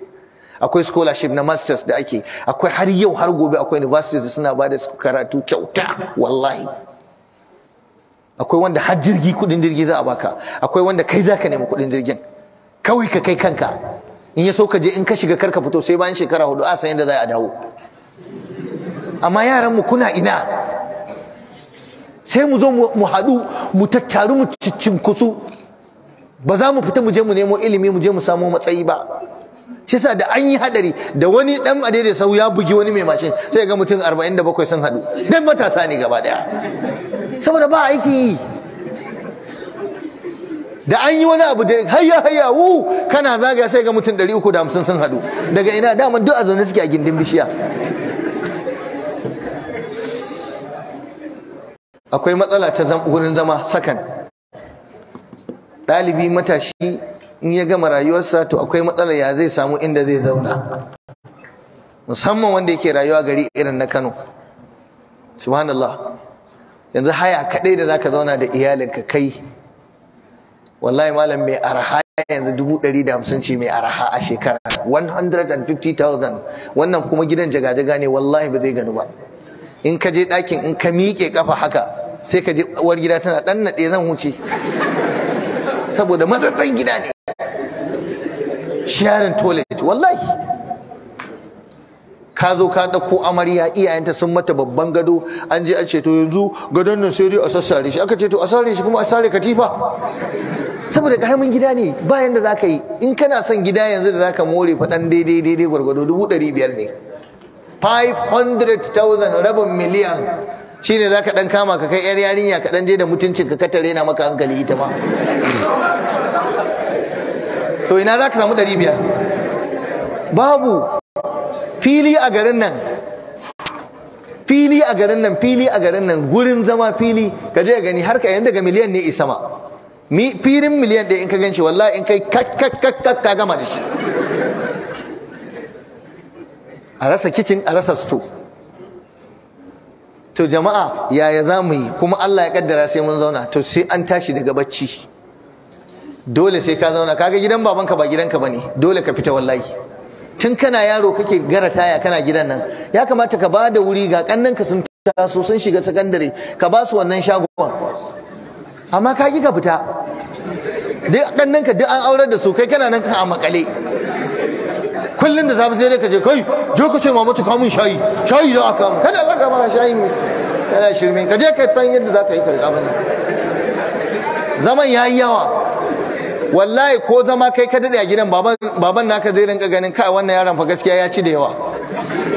akwai scholarship na masters da ake akwai har yau har gobe akwai universities suna ba da karatu kyauta wallahi akwai wanda har jirgi kudin jirgi za a baka akwai wanda kai zaka nemi kudin jirgin kawai ka kai kanka in ya so ka je in ka shiga karka fito sai bayan shekara hudu a san yadda za a dawo amma mu kuna ina sai mu zo mu haɗu mu tattaru mu kusu ba za mu fita mu je mu nemo ilimi mu je mu samo matsayi ba shi sa da an yi hadari da wani dan adaidai sau ya bugi wani mai mashin sai ga mutum 47 sun haɗu dan matasa ne gaba daya saboda ba aiki da an yi wani abu da hayya hayya wu kana zagaya sai ga mutum 350 sun hadu daga ina dama duk a zaune suke a gindin bishiya akwai matsala ta wurin zama sakan ɗalibi matashi in ya gama rayuwarsa to akwai matsala ya zai samu inda zai zauna musamman wanda yake rayuwa gari irin na kano subhanallah yanzu haya kaɗai da zaka zauna da iyalinka kai wallahi malam mai araha yanzu dubu ɗari da hamsin ce mai araha a shekara 150,000 wannan kuma gidan jagajaga jaga ne wallahi ba zai gani ba in ka je ɗakin in ka miƙe ƙafa haka sai ka je uwar gida tana ɗan naɗe zan huce. saboda matsatsan gida ne sharing toilet wallahi ka zo ka ɗauko amarya iyayenta sun mata babban gado an je an ceto yanzu gadon nan sai dai a sassare shi aka ceto a sare shi kuma a sare katifa saboda karamin gida ne bayan da za ka yi in kana son gida yanzu da za ka more faɗan daidai daidai gwargwado dubu ɗari biyar ne 500,000 rabin miliyan shi ne za ka ɗan kama ka kai yar yarinya ka ɗan je da mutuncin ka katare na maka hankali ita ma to ina za ka samu ɗari biyar babu fili a garin nan fili a garin nan fili a garin nan gurin zama fili ka je gani har ka yanda daga miliyan ne isa ma mi filin miliyan ɗaya in ka ganshi wallahi in kai kak kak kak kak ka gama da shi a rasa kicin a rasa sto to jama'a yaya za mu yi kuma Allah ya kaddara sai mun zauna to sai an tashi daga bacci dole sai ka zauna kaga gidan babanka ba gidanka bane dole ka fita wallahi tun kana yaro kake gara taya kana gidan nan ya kamata ka bada wuri ga ka sun taso sun shiga sakandare ka ba su wannan shagon amma ka ki ka fita duk ka duk an aurar da su kai kana nan ka a makale kullum da safe sai dai ka je kai je ka ce mama ta kamun shayi shayi za ka mu kada za ka mara shayi ne kana shirme ka je ka san yadda za ka yi ka nan zaman ya yi yawa wallahi ko zama kai ka dade a gidan baban baban naka zai rinka ganin ka wannan yaron fa gaskiya ya ci da yawa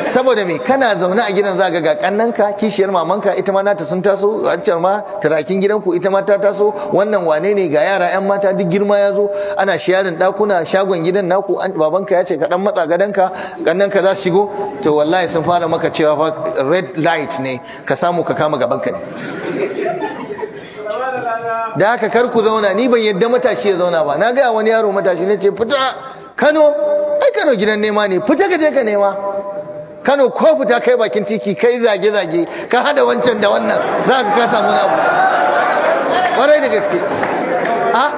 saboda me kana zaune a gidan za ga ka kishiyar mamanka ita ma nata sun taso an ma tarakin gidan ku ita ma ta taso wannan wane ne ga yara yan mata duk girma yazo ana shayarin dakuna shagon gidan naku babanka ya ce ka dan matsa gadanka kannanka za su shigo to wallahi sun fara maka cewa fa red light ne ka samu ka kama ka ne da haka kar ku zauna ni ban yadda matashi ya zauna ba na gaya wani yaro matashi ne ce fita kano ai kano gidan nema ne fita ka je ka nema kano ko fita kai bakin tiki kai zage zage ka hada wancan da wannan za ka kasa samu na abu kwarai da gaske a ah?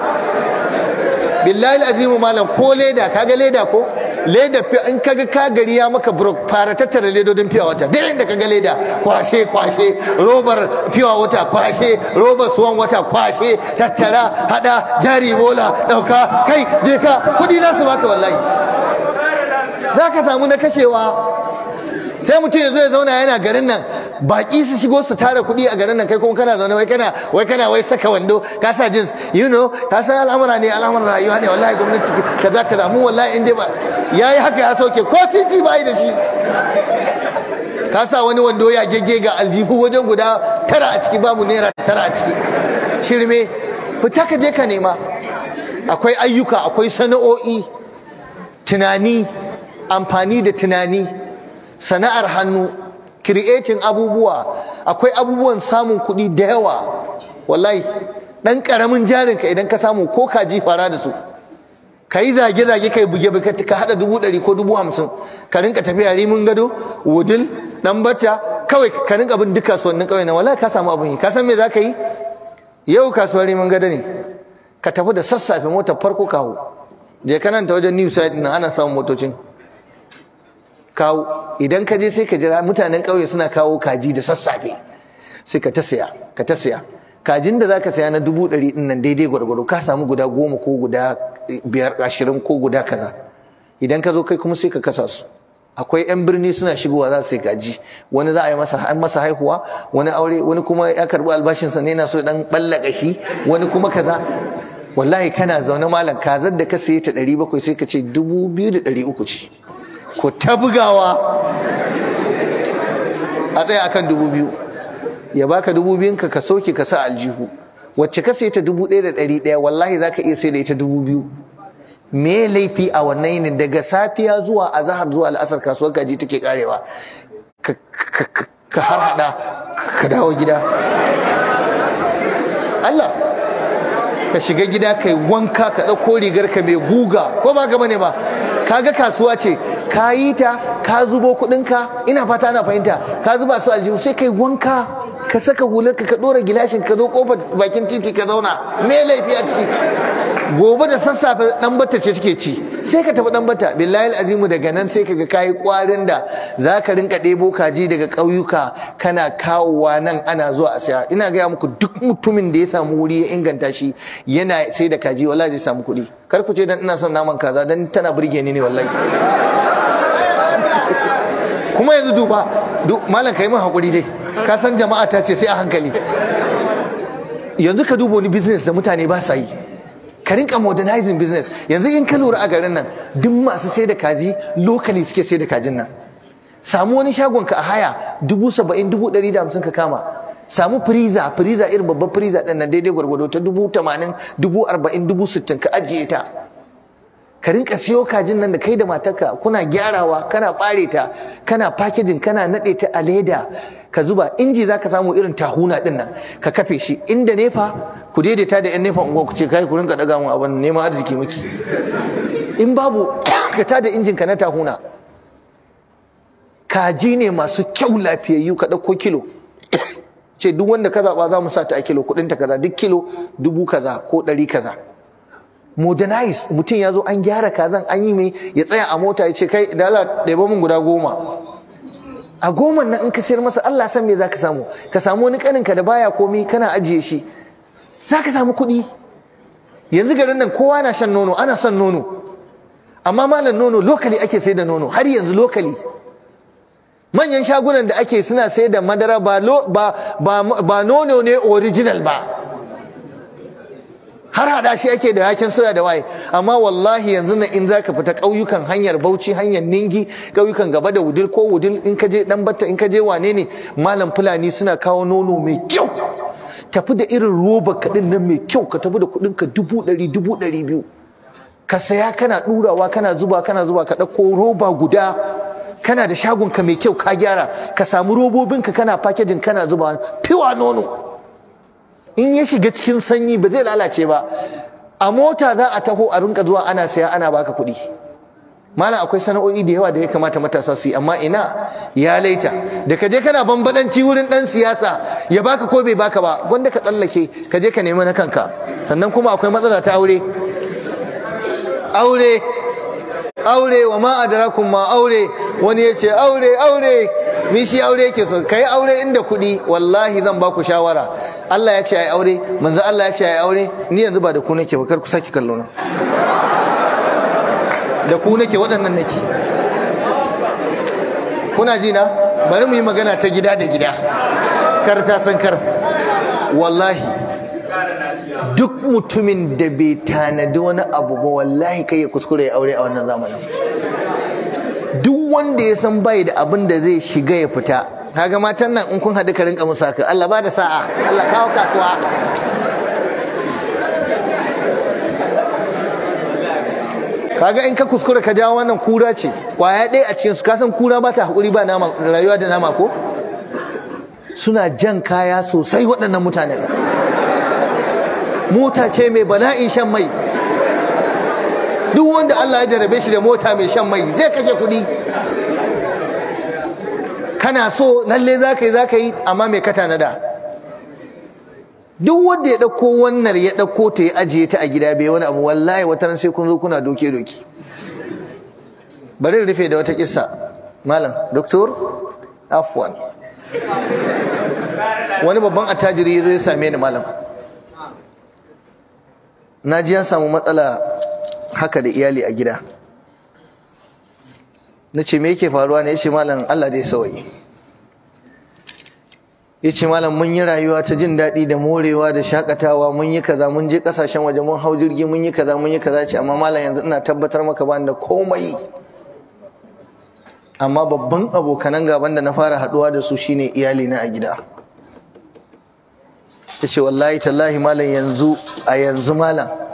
billahi azimu malam ko leda kaga leda ko leda fi in kaga ka gari ya maka brok fara tattara ledodin fiya wata duk inda kaga leda kwashe kwashe robar fiya wata kwashe robar suwan wata kwashe tattara hada jari bola dauka kai je ka kudi za su baka wallahi za ka samu na kashewa sai mutum ya zo ya zauna yana garin nan baki su shigo su tara kuɗi a garin nan kai kuma kana zaune wai kana wai kana wai saka wando ka sa jeans you know ka san al'amura ne al'amuran rayuwa ne wallahi gwamnati kaza kaza mu wallahi in dai ba yayi haka ya soke ko titi ba yi da shi ka sa wani wando ya gege ga aljihu wajen guda tara a ciki babu naira tara a ciki shirme fita ka je ka nema akwai ayyuka akwai sana'o'i tunani amfani da tunani sana'ar hannu creating abubuwa akwai abubuwan samun kuɗi da yawa wallahi karamin ƙaramin ka idan ka samu ko kaji fara da su ka yi zage-zage ka yi buge ka haɗa dubu ɗari ko dubu hamsin ka rinka tafiya rimin gado wudil ɗan bata kawai ka rinka bin duk kasuwannin kawai na wallahi ka samu abun yi ka san me za ka yi yau kasuwar rimin gado ne ka tafi da sassafe motar farko kawo je ka nan ta wajen new side ana samun motocin kawo idan ka je sai ka jira mutanen kauye suna kawo kaji da sassafe sai ka ta saya ka ta saya kajin da zaka saya na dubu ɗari ɗin nan daidai gwargwaro ka samu guda goma ko guda biyar ashirin ko guda kaza idan ka zo kai kuma sai ka kasa su akwai yan birni suna shigowa za su yi kaji wani za a yi masa haihuwa wani aure wani kuma ya karbi albashinsa ne yana so dan balla shi wani kuma kaza wallahi kana zaune malam kazar da ka saye ta 700 sai ka ce 2300 ce ku ta bugawa a tsaye akan dubu biyu ya baka dubu biyun ka ka soke ka sa aljihu wacce ka sai ta dubu ɗaya da ɗari ɗaya wallahi za ka iya sai da ita dubu biyu me laifi a wannan yinin daga safiya zuwa azahar zuwa al'asar kasuwar kaji take karewa ka har hada ka dawo gida Allah ka shiga gida kai wanka ka ɗauko rigar ka mai guga ko ba gaba ne ba kaga kasuwa ce ka yi ta ka zubo kuɗinka ina fata ana fahimta ka zuba su aljihu sai kai wanka ka saka hularka ka ɗora gilashin ka zo kofar bakin titi ka zauna me laifi a ciki gobe da sassafe dan bata ce take ci sai ka tafi dan bata billahi azimu daga nan sai kaga kai kwarin da zaka rinka ɗebo kaji daga kauyuka kana kawowa nan ana zuwa a saya ina gaya muku duk mutumin da ya samu wuri ya inganta shi yana sai da kaji wallahi zai samu kuɗi kar ku ce dan ina son naman kaza dan tana burge ni ne wallahi kuma yanzu duba malam kai mun hakuri dai ka san jama'a ta ce sai a hankali yanzu ka duba wani business da mutane ba sa yi ka rinka modernizing business yanzu in ka lura a garin nan duk masu sai da kaji locally suke sai da kajin nan samu wani shagon ka a haya dubu saba'in dubu ɗari da hamsin ka kama samu firiza firiza irin babban firiza ɗin nan daidai gwargwado ta dubu tamanin dubu arba'in dubu sittin ka ajiye ta ka rinka siyo kajin nan da kai da matarka kuna gyarawa kana ɓare ta kana pakejin kana naɗe ta a leda ka zuba inji za ka samu irin tahuna din nan ka kafe shi inda nefa ku daidaita da yan nefa unguwa ku ce kai ku rinka daga mu abin neman arziki muke in babu ka tada injin ka na tahuna kaji ne masu kyau lafiyayyu ka ɗauko kilo ce duk wanda ka zaɓa za mu sa ta a kilo kuɗinta kaza duk kilo dubu kaza ko ɗari kaza modernize mutum ya zo an gyara kazan an yi mai ya tsaya a mota ya ce kai da Allah ɗebo mun guda goma a goma nan in ka sayar masa Allah san me za ka samu ka samu wani ka da baya komi kana ajiye shi Za ka samu kuɗi yanzu garin nan kowa na shan nono ana son nono amma malam nono lokali ake sai da nono har yanzu lokali manyan shagunan da ake suna sai da madara ba, ba, ba, ba nono ne original ba har hada shi ake da yakin soya da waye amma wallahi yanzu na in zaka fita kauyukan hanyar Bauchi hanyar Ningi kauyukan gaba da wudil ko wudil in ka je dan batta in ka je wane ne malam fulani suna kawo nono mai kyau tafi da irin roba kaɗin nan mai kyau ka tafi da kuɗin ka dubu ɗari dubu ɗari biyu ka saya kana durawa kana zuba kana zuba ka ɗauko roba guda kana da shagon ka mai kyau ka gyara ka samu robobinka kana fakejin kana zuba fiwa nono in ya shiga cikin sanyi ba zai lalace ba a mota za a taho a rinka zuwa ana saya ana baka kuɗi malam akwai sana'o'i da yawa da ya kamata matasa su yi amma ina ya laita da ka je kana bambadanci wurin dan siyasa ya baka ko bai baka ba wanda ka tsallake ka je ka nemi na kanka sannan kuma akwai matsala ta aure aure aure wa ma adrakum ma aure wani ya ce aure aure mi shi aure yake so kai aure inda kuɗi wallahi zan baku shawara Allah ya ce ai aure manzo Allah ya ce ai aure ni yanzu ba da ku nake ba kar ku saki kallona, da ku nake waɗannan nake kuna ji na bari mu yi magana ta gida da gida kar ta san kar wallahi duk mutumin da bai tanadi wani abu ba wallahi kai ya kuskure ya aure a wannan zamanin duk wanda ya san bai da abin da zai shiga ya fita kaga matan nan in kun haɗu ka rinka musa ka Allah ba sa'a Allah kawo kasuwa kaga in ka kuskura ka jawo wannan kura ce kwaya ɗaya a cikin su ka san kura ba ta haƙuri ba nama rayuwa da nama ko suna jan kaya sosai waɗannan mutanen mota ce mai bala'in shan mai duk wanda Allah ya jarabe shi da mota mai shan mai zai kashe kuɗi kana so lalle za ka yi za ka yi amma mai kata na da duk wanda ya ɗauko wannan ya ɗauko ta ya ajiye ta a gida bai wani abu wallahi wata ran sai kun zo kuna doke doki bari rufe da wata kissa malam doktor afwan wani babban attajiri ya same ni malam na ji ya samu matsala haka da iyali a gida na ce me yake faruwa ne ya ce malam Allah dai sawai ya ce malam mun yi rayuwa ta jin daɗi da morewa da shakatawa mun yi kaza mun je ƙasashen waje mun hau jirgi mun yi kaza mun yi kaza ce amma malam yanzu ina tabbatar maka ba da komai amma babban abokanan gaban da na fara haɗuwa da su shine iyali na a gida ta ce wallahi tallahi malam yanzu a yanzu malam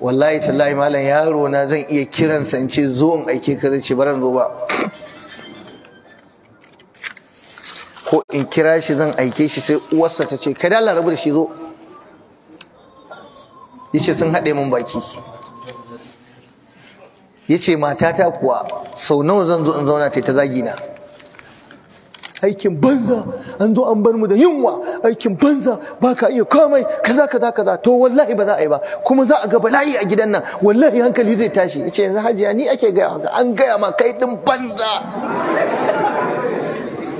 wallahi tallahi malam yaro na zan iya kiran in ce zo in aike ka zai ce baran zo ba ko in kira shi zan aike shi sai uwarsa ta ce kai da Allah rabu da shi zo yace sun hade mun baki yace matata kuwa sau nawa zan zo in zauna ta zagi na aikin banza an zo an bar mu da yunwa aikin banza ba ka iya komai kaza kaza kaza to wallahi ba za a yi ba kuma za a ga bala'i a gidan nan wallahi hankali zai tashi yace yanzu hajiya ni ake gaya maka an gaya ma kai din banza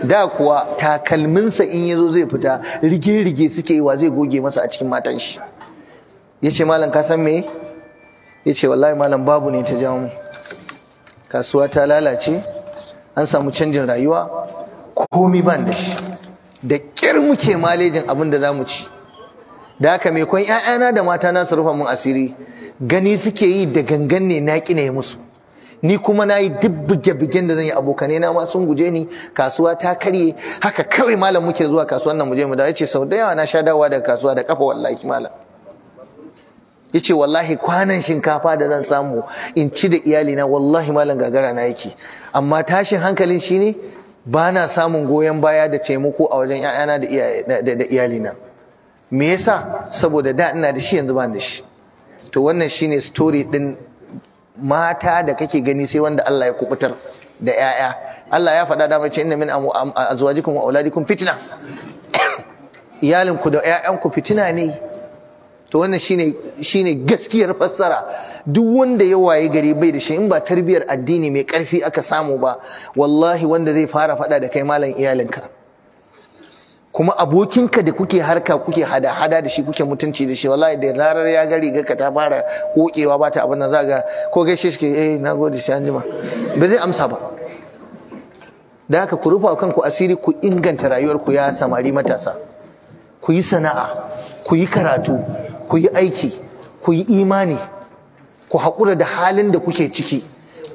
da kuwa takalminsa in ya zo zai fita rige-rige suke wa zai goge masa a cikin matan shi yace malam ka san me yace wallahi malam babu ne ta jawo kasuwa ta lalace an samu canjin rayuwa komi ban da shi da kyar muke malejin abin da za mu ci da haka mai kwan ƴaƴana da mata na su rufa mun asiri gani suke yi da gangan ne na kine musu ni kuma na yi duk buge-bugen da zan yi abokanai na ma sun guje ni kasuwa ta karye haka kawai malam muke zuwa kasuwan nan mu je mu da yace sau da yawa na sha dawa daga kasuwa da kafa wallahi malam yace wallahi kwanan shinkafa da zan samu in ci da iyalina wallahi malam gagara na yake amma tashin hankalin shine ba na samun goyon baya da taimako a wajen 'ya'yana da iyalina me yasa saboda da ina da shi yanzu ba da shi to wannan shi ne story ɗin mata da kake gani sai wanda Allah ya kubutar da 'ya'ya Allah ya faɗa da mace inna min azwajikum wa auladikum fitna iyalinku da 'ya'yanku fitina ne to wannan shine shine gaskiyar fassara duk wanda ya waye gari bai da shi in ba tarbiyar addini mai karfi aka samu ba wallahi wanda zai fara fada da kai malam iyalinka kuma abokinka da kuke harka kuke hada-hada da shi kuke mutunci da shi wallahi da zarar ya gari ga ka ta fara kokewa ba ta abin nan zaga ko gaishe shi shike eh nagode sai anjima ba zai amsa ba da haka ku rufa kanku asiri ku inganta rayuwarku ya samari matasa ku yi sana'a ku yi karatu ku yi aiki ku yi imani ku haƙura da halin da kuke ciki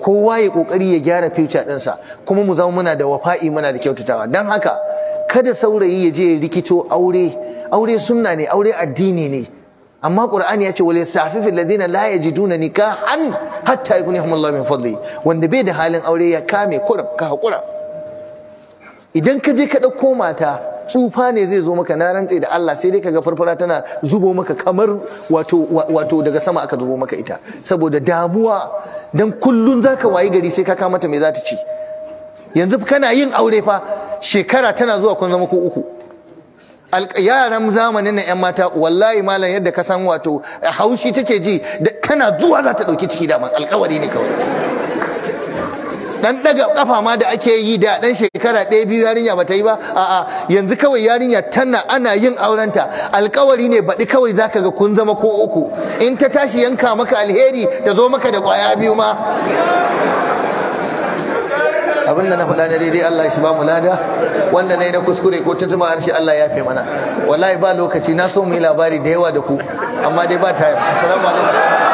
kowa ya ƙoƙari ya gyara future ɗinsa kuma mu zama muna da wafa'i muna da kyautatawa don haka kada saurayi ya je ya rikito aure aure sunna ne aure addini ne amma qur'ani ya ce wal yastafifil ladina la yajiduna nikahan hatta yughnihum Allah min fadli wanda bai da halin aure ya kame kurab ka haƙura idan ka je ka ɗauko mata tsufa ne zai zo maka na rantse da Allah sai dai kaga farfara tana zubo maka kamar wato daga sama aka zubo maka ita saboda damuwa dan kullun zaka wayi gari sai ka kama mata me za ta ci yanzu kana yin aure fa shekara tana zuwa kun zama ko uku yaran zamanin na 'yan mata wallahi malam yadda ka san wato haushi take ji tana zuwa za ta ɗauki ciki da alƙawari ne kawai dan daga kafa ma da ake yi da dan shekara ɗaya biyu yarinya bata yi ba a'a yanzu kawai yarinya tana ana yin aurenta alkawari ne baɗi kawai zaka ga kun zama ko uku in ta tashi yanka maka alheri ta zo maka da kwaya biyu ma abin da na faɗa na daidai Allah ya shi ba mu lada wanda na yi na kuskure ko tuntuma harshe Allah ya fi mana wallahi ba lokaci na so mu yi labari da yawa da ku amma dai ba yi assalamu alaikum